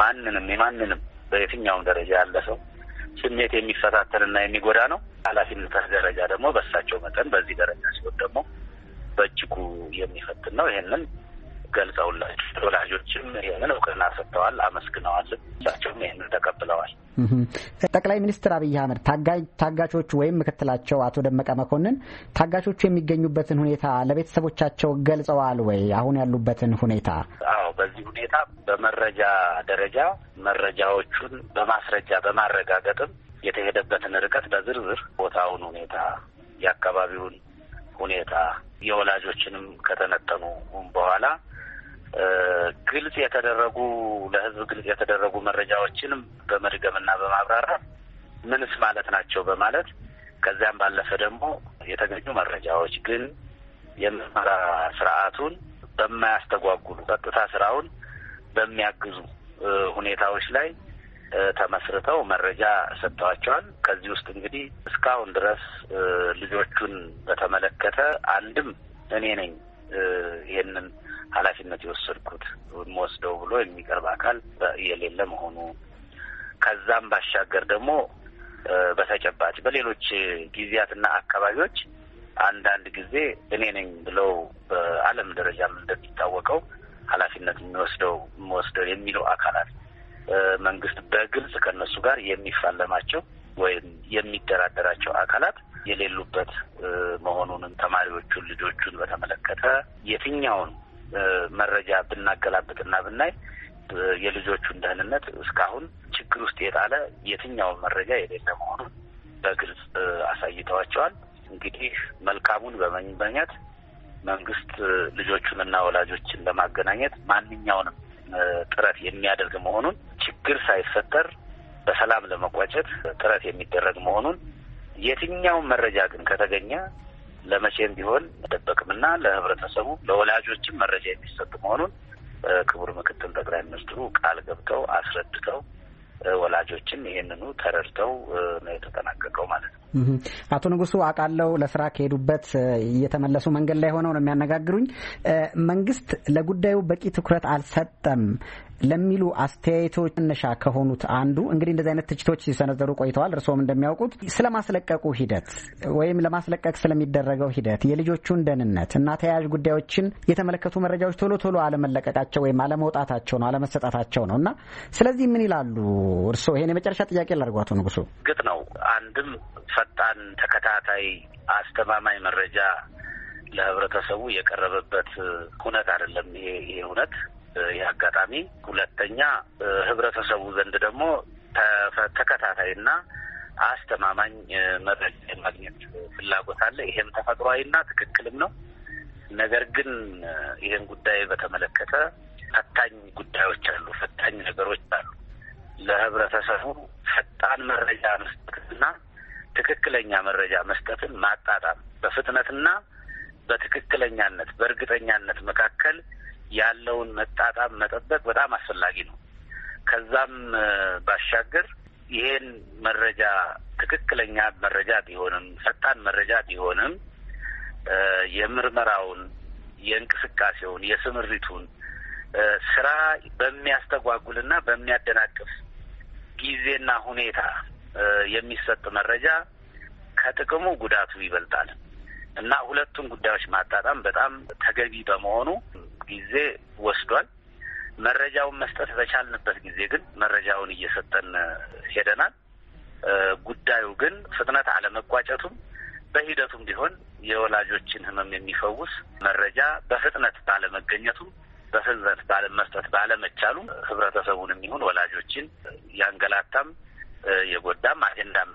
ማንንም የማንንም በየትኛውም ደረጃ ያለ ሰው ስሜት የሚፈታተንና የሚጎዳ ነው። ኃላፊነት ደረጃ ደግሞ በእሳቸው መጠን በዚህ ደረጃ ሲሆን ደግሞ በእጅጉ የሚፈትን ነው። ይህንን ገልጸውላቸው ወላጆችም ይህንን እውቅና ሰጥተዋል፣ አመስግነዋል። እሳቸውም ይህንን ተቀብለዋል። ጠቅላይ ሚኒስትር አብይ አህመድ ታጋቾቹ ወይም ምክትላቸው አቶ ደመቀ መኮንን ታጋቾቹ የሚገኙበትን ሁኔታ ለቤተሰቦቻቸው ገልጸዋል ወይ? አሁን ያሉበትን ሁኔታ? አዎ፣ በዚህ ሁኔታ በመረጃ ደረጃ መረጃዎቹን በማስረጃ በማረጋገጥም የተሄደበትን ርቀት በዝርዝር ቦታውን ሁኔታ የአካባቢውን ሁኔታ የወላጆችንም ከተነጠኑ በኋላ ግልጽ የተደረጉ ለህዝብ ግልጽ የተደረጉ መረጃዎችንም በመድገምና በማብራራት ምንስ ማለት ናቸው በማለት ከዚያም ባለፈ ደግሞ የተገኙ መረጃዎች ግን የምርመራ ስርዓቱን በማያስተጓጉሉ ቀጥታ ስራውን በሚያግዙ ሁኔታዎች ላይ ተመስርተው መረጃ ሰጥተዋቸዋል። ከዚህ ውስጥ እንግዲህ እስካሁን ድረስ ልጆቹን በተመለከተ አንድም እኔ ነኝ ይህንን ኃላፊነት የወሰድኩት ወስደው ብሎ የሚቀርብ አካል የሌለ መሆኑ ከዛም ባሻገር ደግሞ በተጨባጭ በሌሎች ጊዜያትና አካባቢዎች አንዳንድ ጊዜ እኔ ነኝ ብለው በዓለም ደረጃም እንደሚታወቀው ኃላፊነት የሚወስደው የሚወስደው የሚለው አካላት መንግስት በግልጽ ከእነሱ ጋር የሚፋለማቸው ወይም የሚደራደራቸው አካላት የሌሉበት መሆኑንም ተማሪዎቹን ልጆቹን በተመለከተ የትኛውን መረጃ ብናገላብጥና ብናይ የልጆቹን ደህንነት እስካሁን ችግር ውስጥ የጣለ የትኛው መረጃ የሌለ መሆኑን በግልጽ አሳይተዋቸዋል። እንግዲህ መልካሙን በመመኘት መንግስት ልጆቹንና ወላጆችን ለማገናኘት ማንኛውንም ጥረት የሚያደርግ መሆኑን ችግር ሳይፈጠር በሰላም ለመቋጨት ጥረት የሚደረግ መሆኑን የትኛውን መረጃ ግን ከተገኘ ለመቼም ቢሆን መደበቅምና ለህብረተሰቡ ለወላጆችም መረጃ የሚሰጥ መሆኑን ክቡር ምክትል ጠቅላይ ሚኒስትሩ ቃል ገብተው አስረድተው ወላጆችም ይህንኑ ተረድተው ነው የተጠናቀቀው ማለት ነው። አቶ ንጉሱ አቃለው ለስራ ከሄዱበት እየተመለሱ መንገድ ላይ ሆነው ነው የሚያነጋግሩኝ። መንግስት ለጉዳዩ በቂ ትኩረት አልሰጠም ለሚሉ አስተያየቶች መነሻ ከሆኑት አንዱ እንግዲህ እንደዚህ አይነት ትችቶች ሲሰነዘሩ ቆይተዋል። እርስዎም እንደሚያውቁት ስለማስለቀቁ ሂደት ወይም ለማስለቀቅ ስለሚደረገው ሂደት፣ የልጆቹን ደህንነት እና ተያያዥ ጉዳዮችን የተመለከቱ መረጃዎች ቶሎ ቶሎ አለመለቀቃቸው ወይም አለመውጣታቸው ነው አለመሰጣታቸው ነው እና ስለዚህ ምን ይላሉ እርስዎ? ይሄን የመጨረሻ ጥያቄ ላድርጓቱ። ንጉሱ ግጥ ነው አንድም ፈጣን ተከታታይ አስተማማኝ መረጃ ለህብረተሰቡ የቀረበበት እውነት አይደለም። ይሄ እውነት ይህ አጋጣሚ። ሁለተኛ ህብረተሰቡ ዘንድ ደግሞ ተከታታይና አስተማማኝ መረጃ የማግኘት ፍላጎት አለ። ይሄም ተፈጥሯዊና ትክክልም ነው። ነገር ግን ይህን ጉዳይ በተመለከተ ፈታኝ ጉዳዮች አሉ፣ ፈታኝ ነገሮች አሉ። ለህብረተሰቡ ፈጣን መረጃ መስጠትና ትክክለኛ መረጃ መስጠትን ማጣጣም በፍጥነትና በትክክለኛነት በእርግጠኛነት መካከል ያለውን መጣጣም መጠበቅ በጣም አስፈላጊ ነው። ከዛም ባሻገር ይሄን መረጃ ትክክለኛ መረጃ ቢሆንም ፈጣን መረጃ ቢሆንም የምርመራውን፣ የእንቅስቃሴውን፣ የስምሪቱን ስራ በሚያስተጓጉልና በሚያደናቅፍ ጊዜና ሁኔታ የሚሰጥ መረጃ ከጥቅሙ ጉዳቱ ይበልጣል እና ሁለቱን ጉዳዮች ማጣጣም በጣም ተገቢ በመሆኑ ጊዜ ወስዷል። መረጃውን መስጠት በቻልንበት ጊዜ ግን መረጃውን እየሰጠን ሄደናል። ጉዳዩ ግን ፍጥነት አለመቋጨቱም በሂደቱም ቢሆን የወላጆችን ሕመም የሚፈውስ መረጃ በፍጥነት ባለመገኘቱም በፍጥነት ባለመስጠት ባለመቻሉም ህብረተሰቡን የሚሆን ወላጆችን ያንገላታም የጎዳም አጀንዳም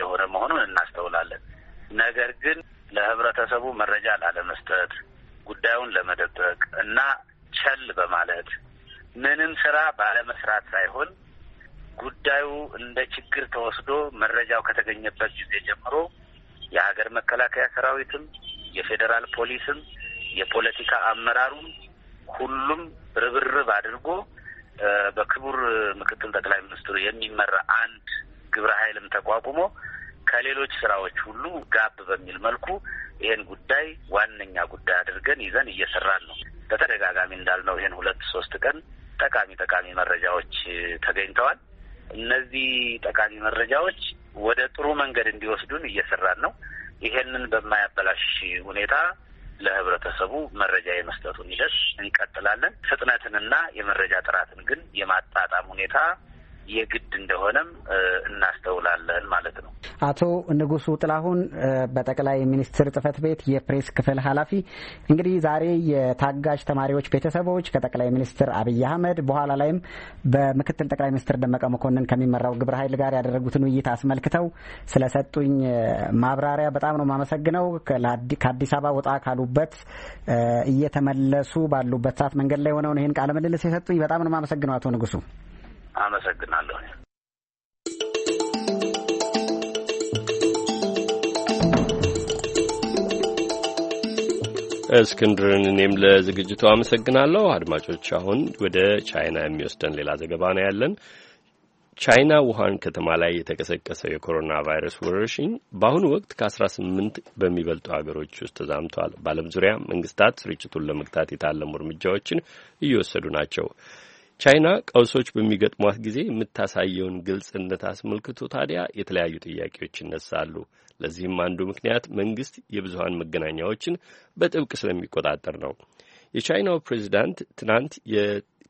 የሆነ መሆኑን እናስተውላለን። ነገር ግን ለህብረተሰቡ መረጃ ላለመስጠት ጉዳዩን ለመደበቅ እና ቸል በማለት ምንም ስራ ባለመስራት ሳይሆን ጉዳዩ እንደ ችግር ተወስዶ መረጃው ከተገኘበት ጊዜ ጀምሮ የሀገር መከላከያ ሰራዊትም የፌዴራል ፖሊስም የፖለቲካ አመራሩም ሁሉም ርብርብ አድርጎ በክቡር ምክትል ጠቅላይ ሚኒስትሩ የሚመራ አንድ ግብረ ኃይልም ተቋቁሞ ከሌሎች ስራዎች ሁሉ ጋብ በሚል መልኩ ይህን ጉዳይ ዋነኛ ጉዳይ አድርገን ይዘን እየሰራን ነው። በተደጋጋሚ እንዳልነው ይህን ሁለት ሶስት ቀን ጠቃሚ ጠቃሚ መረጃዎች ተገኝተዋል። እነዚህ ጠቃሚ መረጃዎች ወደ ጥሩ መንገድ እንዲወስዱን እየሰራን ነው። ይሄንን በማያበላሽ ሁኔታ ለህብረተሰቡ መረጃ የመስጠቱን ሂደት እንቀጥላለን። ፍጥነትንና የመረጃ ጥራትን ግን የማጣጣም ሁኔታ የግድ እንደሆነም እናስተውላለን ማለት ነው። አቶ ንጉሱ ጥላሁን በጠቅላይ ሚኒስትር ጽህፈት ቤት የፕሬስ ክፍል ኃላፊ፣ እንግዲህ ዛሬ የታጋሽ ተማሪዎች ቤተሰቦች ከጠቅላይ ሚኒስትር አብይ አህመድ በኋላ ላይም በምክትል ጠቅላይ ሚኒስትር ደመቀ መኮንን ከሚመራው ግብረ ኃይል ጋር ያደረጉትን ውይይት አስመልክተው ስለሰጡኝ ማብራሪያ በጣም ነው የማመሰግነው። ከአዲስ አበባ ወጣ ካሉበት እየተመለሱ ባሉበት ሰዓት መንገድ ላይ ሆነውን ይህን ቃለ ምልልስ የሰጡኝ በጣም ነው የማመሰግነው አቶ ንጉሱ። አመሰግናለሁ። እስክንድርን እኔም ለዝግጅቱ አመሰግናለሁ። አድማጮች፣ አሁን ወደ ቻይና የሚወስደን ሌላ ዘገባ ነው ያለን። ቻይና ውሃን ከተማ ላይ የተቀሰቀሰው የኮሮና ቫይረስ ወረርሽኝ በአሁኑ ወቅት ከ18 በሚበልጡ ሀገሮች ውስጥ ተዛምቷል። በዓለም ዙሪያ መንግስታት ስርጭቱን ለመግታት የታለሙ እርምጃዎችን እየወሰዱ ናቸው። ቻይና ቀውሶች በሚገጥሟት ጊዜ የምታሳየውን ግልጽነት አስመልክቶ ታዲያ የተለያዩ ጥያቄዎች ይነሳሉ። ለዚህም አንዱ ምክንያት መንግስት የብዙሀን መገናኛዎችን በጥብቅ ስለሚቆጣጠር ነው። የቻይናው ፕሬዚዳንት ትናንት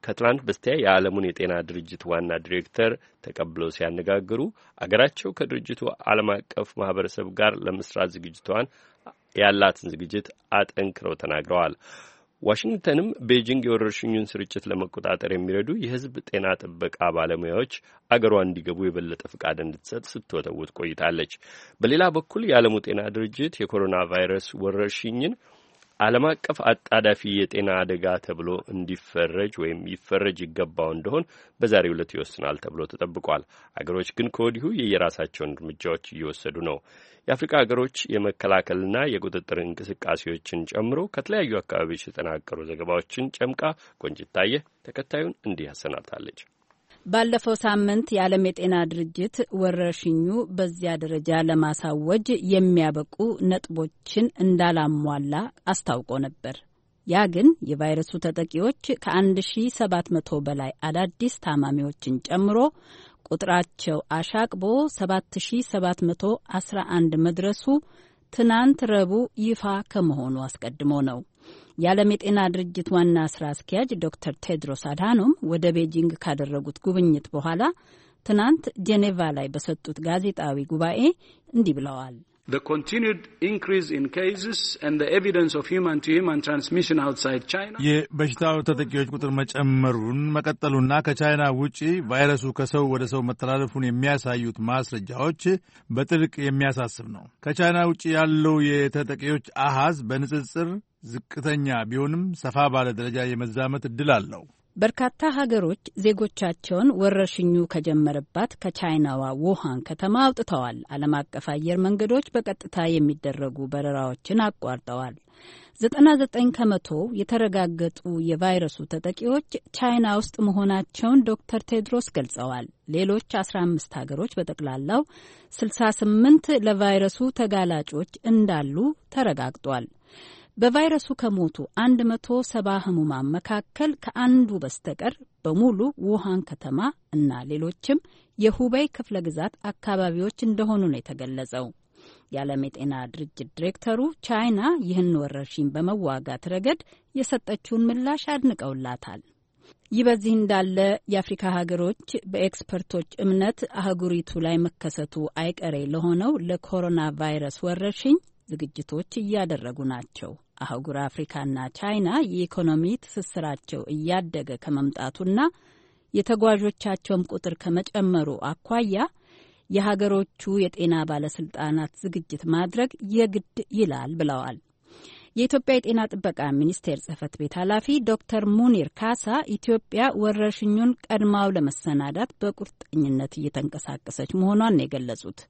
ከትናንት በስቲያ የዓለሙን የጤና ድርጅት ዋና ዲሬክተር ተቀብለው ሲያነጋግሩ አገራቸው ከድርጅቱ ዓለም አቀፍ ማህበረሰብ ጋር ለመስራት ዝግጅቷን ያላትን ዝግጅት አጠንክረው ተናግረዋል። ዋሽንግተንም ቤጂንግ የወረርሽኙን ስርጭት ለመቆጣጠር የሚረዱ የህዝብ ጤና ጥበቃ ባለሙያዎች አገሯ እንዲገቡ የበለጠ ፍቃድ እንድትሰጥ ስትወተውት ቆይታለች። በሌላ በኩል የዓለሙ ጤና ድርጅት የኮሮና ቫይረስ ወረርሽኝን ዓለም አቀፍ አጣዳፊ የጤና አደጋ ተብሎ እንዲፈረጅ ወይም ይፈረጅ ይገባው እንደሆን በዛሬ ዕለት ይወስናል ተብሎ ተጠብቋል። አገሮች ግን ከወዲሁ የየራሳቸውን እርምጃዎች እየወሰዱ ነው። የአፍሪካ ሀገሮች የመከላከልና የቁጥጥር እንቅስቃሴዎችን ጨምሮ ከተለያዩ አካባቢዎች የተጠናቀሩ ዘገባዎችን ጨምቃ ቆንጅታየ ተከታዩን እንዲህ ያሰናድታለች። ባለፈው ሳምንት የዓለም የጤና ድርጅት ወረርሽኙ በዚያ ደረጃ ለማሳወጅ የሚያበቁ ነጥቦችን እንዳላሟላ አስታውቆ ነበር። ያ ግን የቫይረሱ ተጠቂዎች ከ1700 በላይ አዳዲስ ታማሚዎችን ጨምሮ ቁጥራቸው አሻቅቦ 7711 መድረሱ ትናንት ረቡዕ ይፋ ከመሆኑ አስቀድሞ ነው። የዓለም የጤና ድርጅት ዋና ስራ አስኪያጅ ዶክተር ቴድሮስ አድሃኖም ወደ ቤጂንግ ካደረጉት ጉብኝት በኋላ ትናንት ጄኔቫ ላይ በሰጡት ጋዜጣዊ ጉባኤ እንዲህ ብለዋል። The continued increase in cases and the evidence of human to human transmission outside China የበሽታው ተጠቂዎች ቁጥር መጨመሩን መቀጠሉና ከቻይና ውጪ ቫይረሱ ከሰው ወደ ሰው መተላለፉን የሚያሳዩት ማስረጃዎች በጥልቅ የሚያሳስብ ነው። ከቻይና ውጪ ያለው የተጠቂዎች አሃዝ በንጽጽር ዝቅተኛ ቢሆንም ሰፋ ባለ ደረጃ የመዛመት ዕድል አለው። በርካታ ሀገሮች ዜጎቻቸውን ወረርሽኙ ከጀመረባት ከቻይናዋ ውሃን ከተማ አውጥተዋል። ዓለም አቀፍ አየር መንገዶች በቀጥታ የሚደረጉ በረራዎችን አቋርጠዋል። 99 ከመቶ የተረጋገጡ የቫይረሱ ተጠቂዎች ቻይና ውስጥ መሆናቸውን ዶክተር ቴድሮስ ገልጸዋል። ሌሎች 15 ሀገሮች በጠቅላላው 68 ለቫይረሱ ተጋላጮች እንዳሉ ተረጋግጧል። በቫይረሱ ከሞቱ 170 ህሙማን መካከል ከአንዱ በስተቀር በሙሉ ውሃን ከተማ እና ሌሎችም የሁበይ ክፍለ ግዛት አካባቢዎች እንደሆኑ ነው የተገለጸው። የዓለም የጤና ድርጅት ዲሬክተሩ ቻይና ይህን ወረርሽኝ በመዋጋት ረገድ የሰጠችውን ምላሽ አድንቀውላታል። ይህ በዚህ እንዳለ የአፍሪካ ሀገሮች በኤክስፐርቶች እምነት አህጉሪቱ ላይ መከሰቱ አይቀሬ ለሆነው ለኮሮና ቫይረስ ወረርሽኝ ዝግጅቶች እያደረጉ ናቸው። አህጉር አፍሪካና ቻይና የኢኮኖሚ ትስስራቸው እያደገ ከመምጣቱና የተጓዦቻቸውም ቁጥር ከመጨመሩ አኳያ የሀገሮቹ የጤና ባለስልጣናት ዝግጅት ማድረግ የግድ ይላል ብለዋል። የኢትዮጵያ የጤና ጥበቃ ሚኒስቴር ጽህፈት ቤት ኃላፊ ዶክተር ሙኒር ካሳ ኢትዮጵያ ወረርሽኙን ቀድማው ለመሰናዳት በቁርጠኝነት እየተንቀሳቀሰች መሆኗን የገለጹት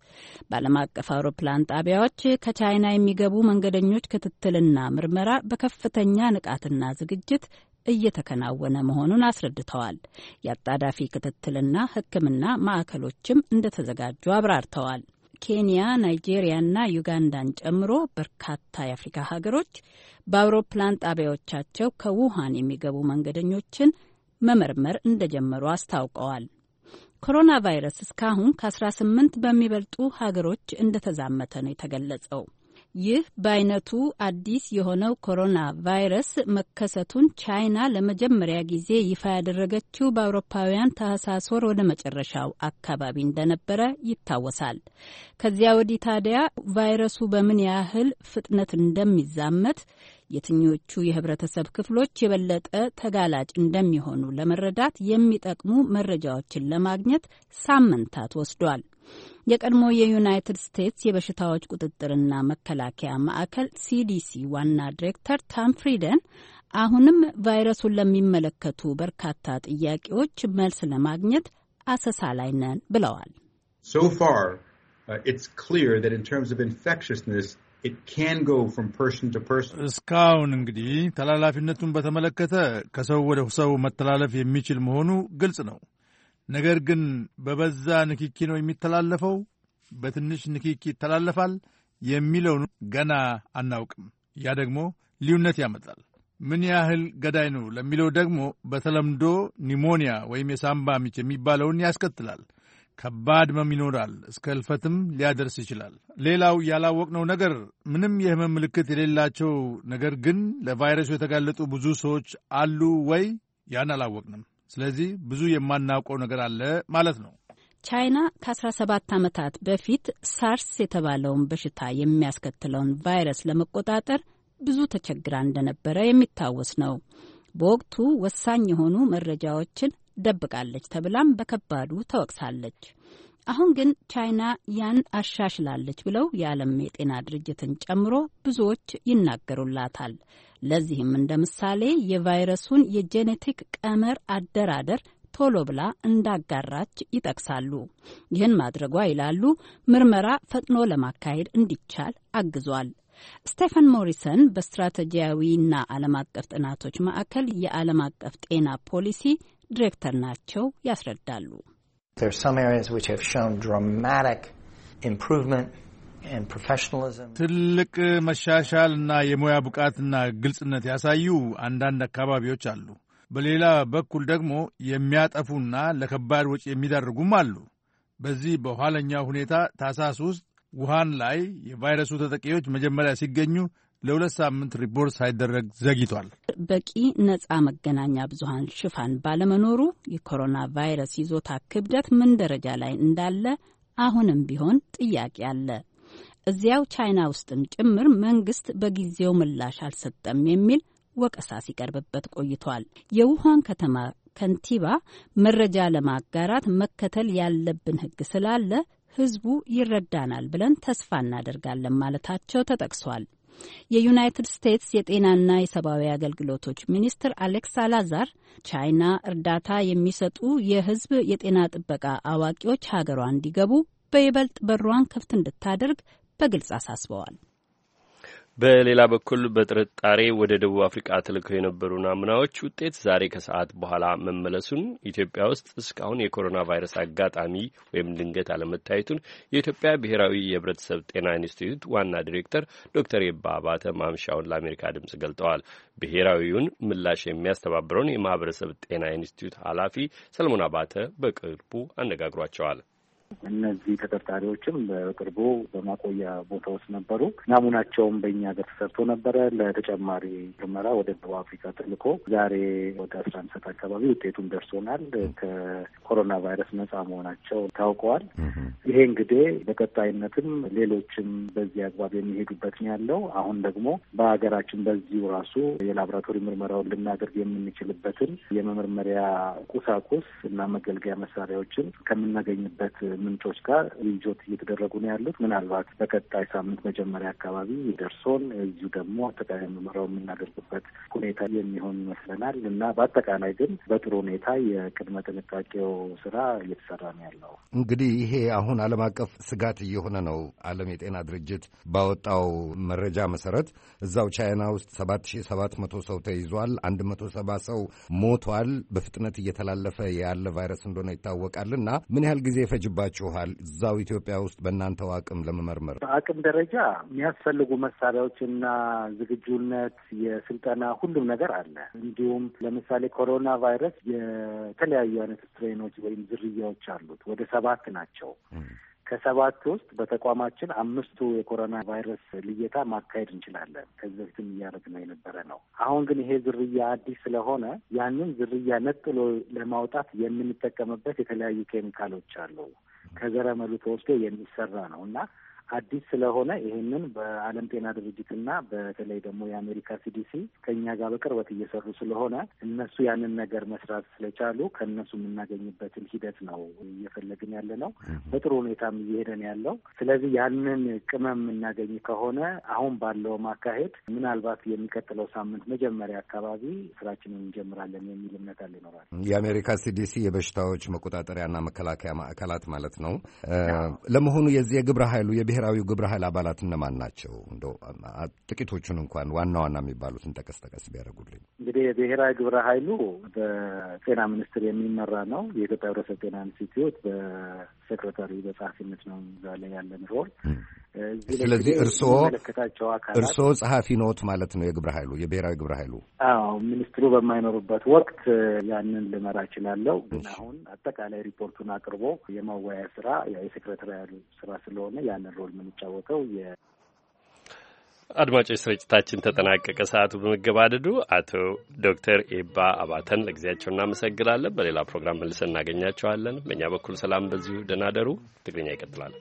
በዓለም አቀፍ አውሮፕላን ጣቢያዎች ከቻይና የሚገቡ መንገደኞች ክትትልና ምርመራ በከፍተኛ ንቃትና ዝግጅት እየተከናወነ መሆኑን አስረድተዋል። የአጣዳፊ ክትትልና ሕክምና ማዕከሎችም እንደተዘጋጁ አብራርተዋል። ኬንያ፣ እና ዩጋንዳን ጨምሮ በርካታ የአፍሪካ ሀገሮች በአውሮፕላን ጣቢያዎቻቸው ከውሃን የሚገቡ መንገደኞችን መመርመር እንደጀመሩ አስታውቀዋል። ኮሮና ቫይረስ እስካሁን ከ18 በሚበልጡ ሀገሮች እንደተዛመተ ነው የተገለጸው። ይህ በአይነቱ አዲስ የሆነው ኮሮና ቫይረስ መከሰቱን ቻይና ለመጀመሪያ ጊዜ ይፋ ያደረገችው በአውሮፓውያን ታህሳስ ወር ወደ መጨረሻው አካባቢ እንደነበረ ይታወሳል። ከዚያ ወዲህ ታዲያ ቫይረሱ በምን ያህል ፍጥነት እንደሚዛመት፣ የትኞቹ የህብረተሰብ ክፍሎች የበለጠ ተጋላጭ እንደሚሆኑ ለመረዳት የሚጠቅሙ መረጃዎችን ለማግኘት ሳምንታት ወስዷል። የቀድሞ የዩናይትድ ስቴትስ የበሽታዎች ቁጥጥርና መከላከያ ማዕከል ሲዲሲ ዋና ዲሬክተር ታም ፍሪደን አሁንም ቫይረሱን ለሚመለከቱ በርካታ ጥያቄዎች መልስ ለማግኘት አሰሳ ላይ ነን ብለዋል። እስካሁን እንግዲህ ተላላፊነቱን በተመለከተ ከሰው ወደ ሰው መተላለፍ የሚችል መሆኑ ግልጽ ነው። ነገር ግን በበዛ ንኪኪ ነው የሚተላለፈው፣ በትንሽ ንኪኪ ይተላለፋል የሚለውን ገና አናውቅም። ያ ደግሞ ልዩነት ያመጣል። ምን ያህል ገዳይ ነው ለሚለው ደግሞ በተለምዶ ኒሞኒያ ወይም የሳምባ ምች የሚባለውን ያስከትላል። ከባድ ህመም ይኖራል፣ እስከ ህልፈትም ሊያደርስ ይችላል። ሌላው ያላወቅነው ነገር ምንም የህመም ምልክት የሌላቸው ነገር ግን ለቫይረሱ የተጋለጡ ብዙ ሰዎች አሉ ወይ? ያን አላወቅንም። ስለዚህ ብዙ የማናውቀው ነገር አለ ማለት ነው። ቻይና ከ17 ዓመታት በፊት ሳርስ የተባለውን በሽታ የሚያስከትለውን ቫይረስ ለመቆጣጠር ብዙ ተቸግራ እንደነበረ የሚታወስ ነው። በወቅቱ ወሳኝ የሆኑ መረጃዎችን ደብቃለች ተብላም በከባዱ ተወቅሳለች። አሁን ግን ቻይና ያን አሻሽላለች ብለው የዓለም የጤና ድርጅትን ጨምሮ ብዙዎች ይናገሩላታል። ለዚህም እንደ ምሳሌ የቫይረሱን የጄኔቲክ ቀመር አደራደር ቶሎ ብላ እንዳጋራች ይጠቅሳሉ። ይህን ማድረጓ ይላሉ ምርመራ ፈጥኖ ለማካሄድ እንዲቻል አግዟል። ስቴፈን ሞሪሰን በስትራቴጂያዊና ዓለም አቀፍ ጥናቶች ማዕከል የዓለም አቀፍ ጤና ፖሊሲ ዲሬክተር ናቸው። ያስረዳሉ። ትልቅ መሻሻል እና የሙያ ብቃትና ግልጽነት ያሳዩ አንዳንድ አካባቢዎች አሉ። በሌላ በኩል ደግሞ የሚያጠፉና ለከባድ ወጪ የሚዳርጉም አሉ። በዚህ በኋለኛው ሁኔታ ታሳስ ውስጥ ውሃን ላይ የቫይረሱ ተጠቂዎች መጀመሪያ ሲገኙ ለሁለት ሳምንት ሪፖርት ሳይደረግ ዘግይቷል። በቂ ነጻ መገናኛ ብዙኃን ሽፋን ባለመኖሩ የኮሮና ቫይረስ ይዞታ ክብደት ምን ደረጃ ላይ እንዳለ አሁንም ቢሆን ጥያቄ አለ። እዚያው ቻይና ውስጥም ጭምር መንግስት በጊዜው ምላሽ አልሰጠም የሚል ወቀሳ ሲቀርብበት ቆይቷል። የውሃን ከተማ ከንቲባ መረጃ ለማጋራት መከተል ያለብን ህግ ስላለ ህዝቡ ይረዳናል ብለን ተስፋ እናደርጋለን ማለታቸው ተጠቅሷል። የዩናይትድ ስቴትስ የጤናና የሰብአዊ አገልግሎቶች ሚኒስትር አሌክስ አላዛር ቻይና እርዳታ የሚሰጡ የህዝብ የጤና ጥበቃ አዋቂዎች ሀገሯ እንዲገቡ በይበልጥ በሯን ክፍት እንድታደርግ በግልጽ አሳስበዋል። በሌላ በኩል በጥርጣሬ ወደ ደቡብ አፍሪቃ ተልከው የነበሩ ናሙናዎች ውጤት ዛሬ ከሰዓት በኋላ መመለሱን፣ ኢትዮጵያ ውስጥ እስካሁን የኮሮና ቫይረስ አጋጣሚ ወይም ድንገት አለመታየቱን የኢትዮጵያ ብሔራዊ የሕብረተሰብ ጤና ኢንስቲትዩት ዋና ዲሬክተር ዶክተር የባ አባተ ማምሻውን ለአሜሪካ ድምጽ ገልጠዋል። ብሔራዊውን ምላሽ የሚያስተባብረውን የማህበረሰብ ጤና ኢንስቲትዩት ኃላፊ ሰለሞን አባተ በቅርቡ አነጋግሯቸዋል። እነዚህ ተጠርጣሪዎችም በቅርቡ በማቆያ ቦታ ውስጥ ነበሩ። ናሙናቸውም በእኛ ሀገር ተሰርቶ ነበረ። ለተጨማሪ ምርመራ ወደ ደቡብ አፍሪካ ተልኮ ዛሬ ወደ አስራ አንድ ሰዓት አካባቢ ውጤቱን ደርሶናል። ከኮሮና ቫይረስ ነጻ መሆናቸው ታውቀዋል። ይሄ እንግዲህ በቀጣይነትም ሌሎችም በዚህ አግባብ የሚሄዱበት ነው ያለው። አሁን ደግሞ በሀገራችን በዚሁ ራሱ የላቦራቶሪ ምርመራውን ልናደርግ የምንችልበትን የመመርመሪያ ቁሳቁስ እና መገልገያ መሳሪያዎችን ከምናገኝበት ምንጮች ጋር ውይይቶች እየተደረጉ ነው ያሉት። ምናልባት በቀጣይ ሳምንት መጀመሪያ አካባቢ ደርሶን እዚሁ ደግሞ አጠቃላይ ምርመራው የምናደርግበት ሁኔታ የሚሆን ይመስለናል እና በአጠቃላይ ግን በጥሩ ሁኔታ የቅድመ ጥንቃቄው ስራ እየተሰራ ነው ያለው። እንግዲህ ይሄ አሁን ዓለም አቀፍ ስጋት እየሆነ ነው። ዓለም የጤና ድርጅት ባወጣው መረጃ መሰረት እዛው ቻይና ውስጥ ሰባት ሺ ሰባት መቶ ሰው ተይዟል። አንድ መቶ ሰባ ሰው ሞቷል። በፍጥነት እየተላለፈ ያለ ቫይረስ እንደሆነ እና ምን ያህል ጊዜ ፈጅባል ይኖራችኋል እዛው ኢትዮጵያ ውስጥ በእናንተው አቅም ለመመርመር? በአቅም ደረጃ የሚያስፈልጉ መሳሪያዎችና ዝግጁነት፣ የስልጠና ሁሉም ነገር አለ። እንዲሁም ለምሳሌ ኮሮና ቫይረስ የተለያዩ አይነት ስትሬኖች ወይም ዝርያዎች አሉት። ወደ ሰባት ናቸው። ከሰባቱ ውስጥ በተቋማችን አምስቱ የኮሮና ቫይረስ ልየታ ማካሄድ እንችላለን። ከዚህ በፊትም ነው የነበረ ነው። አሁን ግን ይሄ ዝርያ አዲስ ስለሆነ ያንን ዝርያ ነጥሎ ለማውጣት የምንጠቀምበት የተለያዩ ኬሚካሎች አሉ። ከዘረመሉ ተወስዶ የሚሰራ ነው እና አዲስ ስለሆነ ይህንን በዓለም ጤና ድርጅትና በተለይ ደግሞ የአሜሪካ ሲዲሲ ከእኛ ጋር በቅርበት እየሰሩ ስለሆነ እነሱ ያንን ነገር መስራት ስለቻሉ ከእነሱ የምናገኝበትን ሂደት ነው እየፈለግን ያለ ነው። በጥሩ ሁኔታም እየሄደን ያለው። ስለዚህ ያንን ቅመም የምናገኝ ከሆነ አሁን ባለው ማካሄድ ምናልባት የሚቀጥለው ሳምንት መጀመሪያ አካባቢ ስራችንን እንጀምራለን የሚል እምነት አለ ይኖራል። የአሜሪካ ሲዲሲ የበሽታዎች መቆጣጠሪያና መከላከያ ማዕከላት ማለት ነው። ለመሆኑ የዚህ የግብረ ኃይሉ የብሔራዊው ግብረ ኃይል አባላት እነማን ናቸው? እንደ ጥቂቶቹን እንኳን ዋና ዋና የሚባሉትን ጠቀስ ጠቀስ ቢያደርጉልኝ። እንግዲህ የብሔራዊ ግብረ ኃይሉ በጤና ሚኒስትር የሚመራ ነው። የኢትዮጵያ ሕብረተሰብ ጤና ኢንስቲትዩት በሴክረታሪ በጸሐፊነት ነው እዛ ላይ ያለን ሮል። ስለዚህ እርስዎ እርስዎ ጸሐፊ ኖት ማለት ነው የግብረ ኃይሉ የብሔራዊ ግብረ ኃይሉ? አዎ ሚኒስትሩ በማይኖሩበት ወቅት ያንን ልመራ እችላለሁ። ግን አሁን አጠቃላይ ሪፖርቱን አቅርቦ የማወያያ ስራ የሴክሬታሪ ስራ ስለሆነ ያንን ሮል ሮል የምንጫወተው የ አድማጮች ስርጭታችን ተጠናቀቀ። ሰዓቱ በመገባደዱ አቶ ዶክተር ኤባ አባተን ለጊዜያቸው እናመሰግናለን። በሌላ ፕሮግራም መልሰን እናገኛቸዋለን። በእኛ በኩል ሰላም፣ በዚሁ ደህና ደሩ። ትግርኛ ይቀጥላል።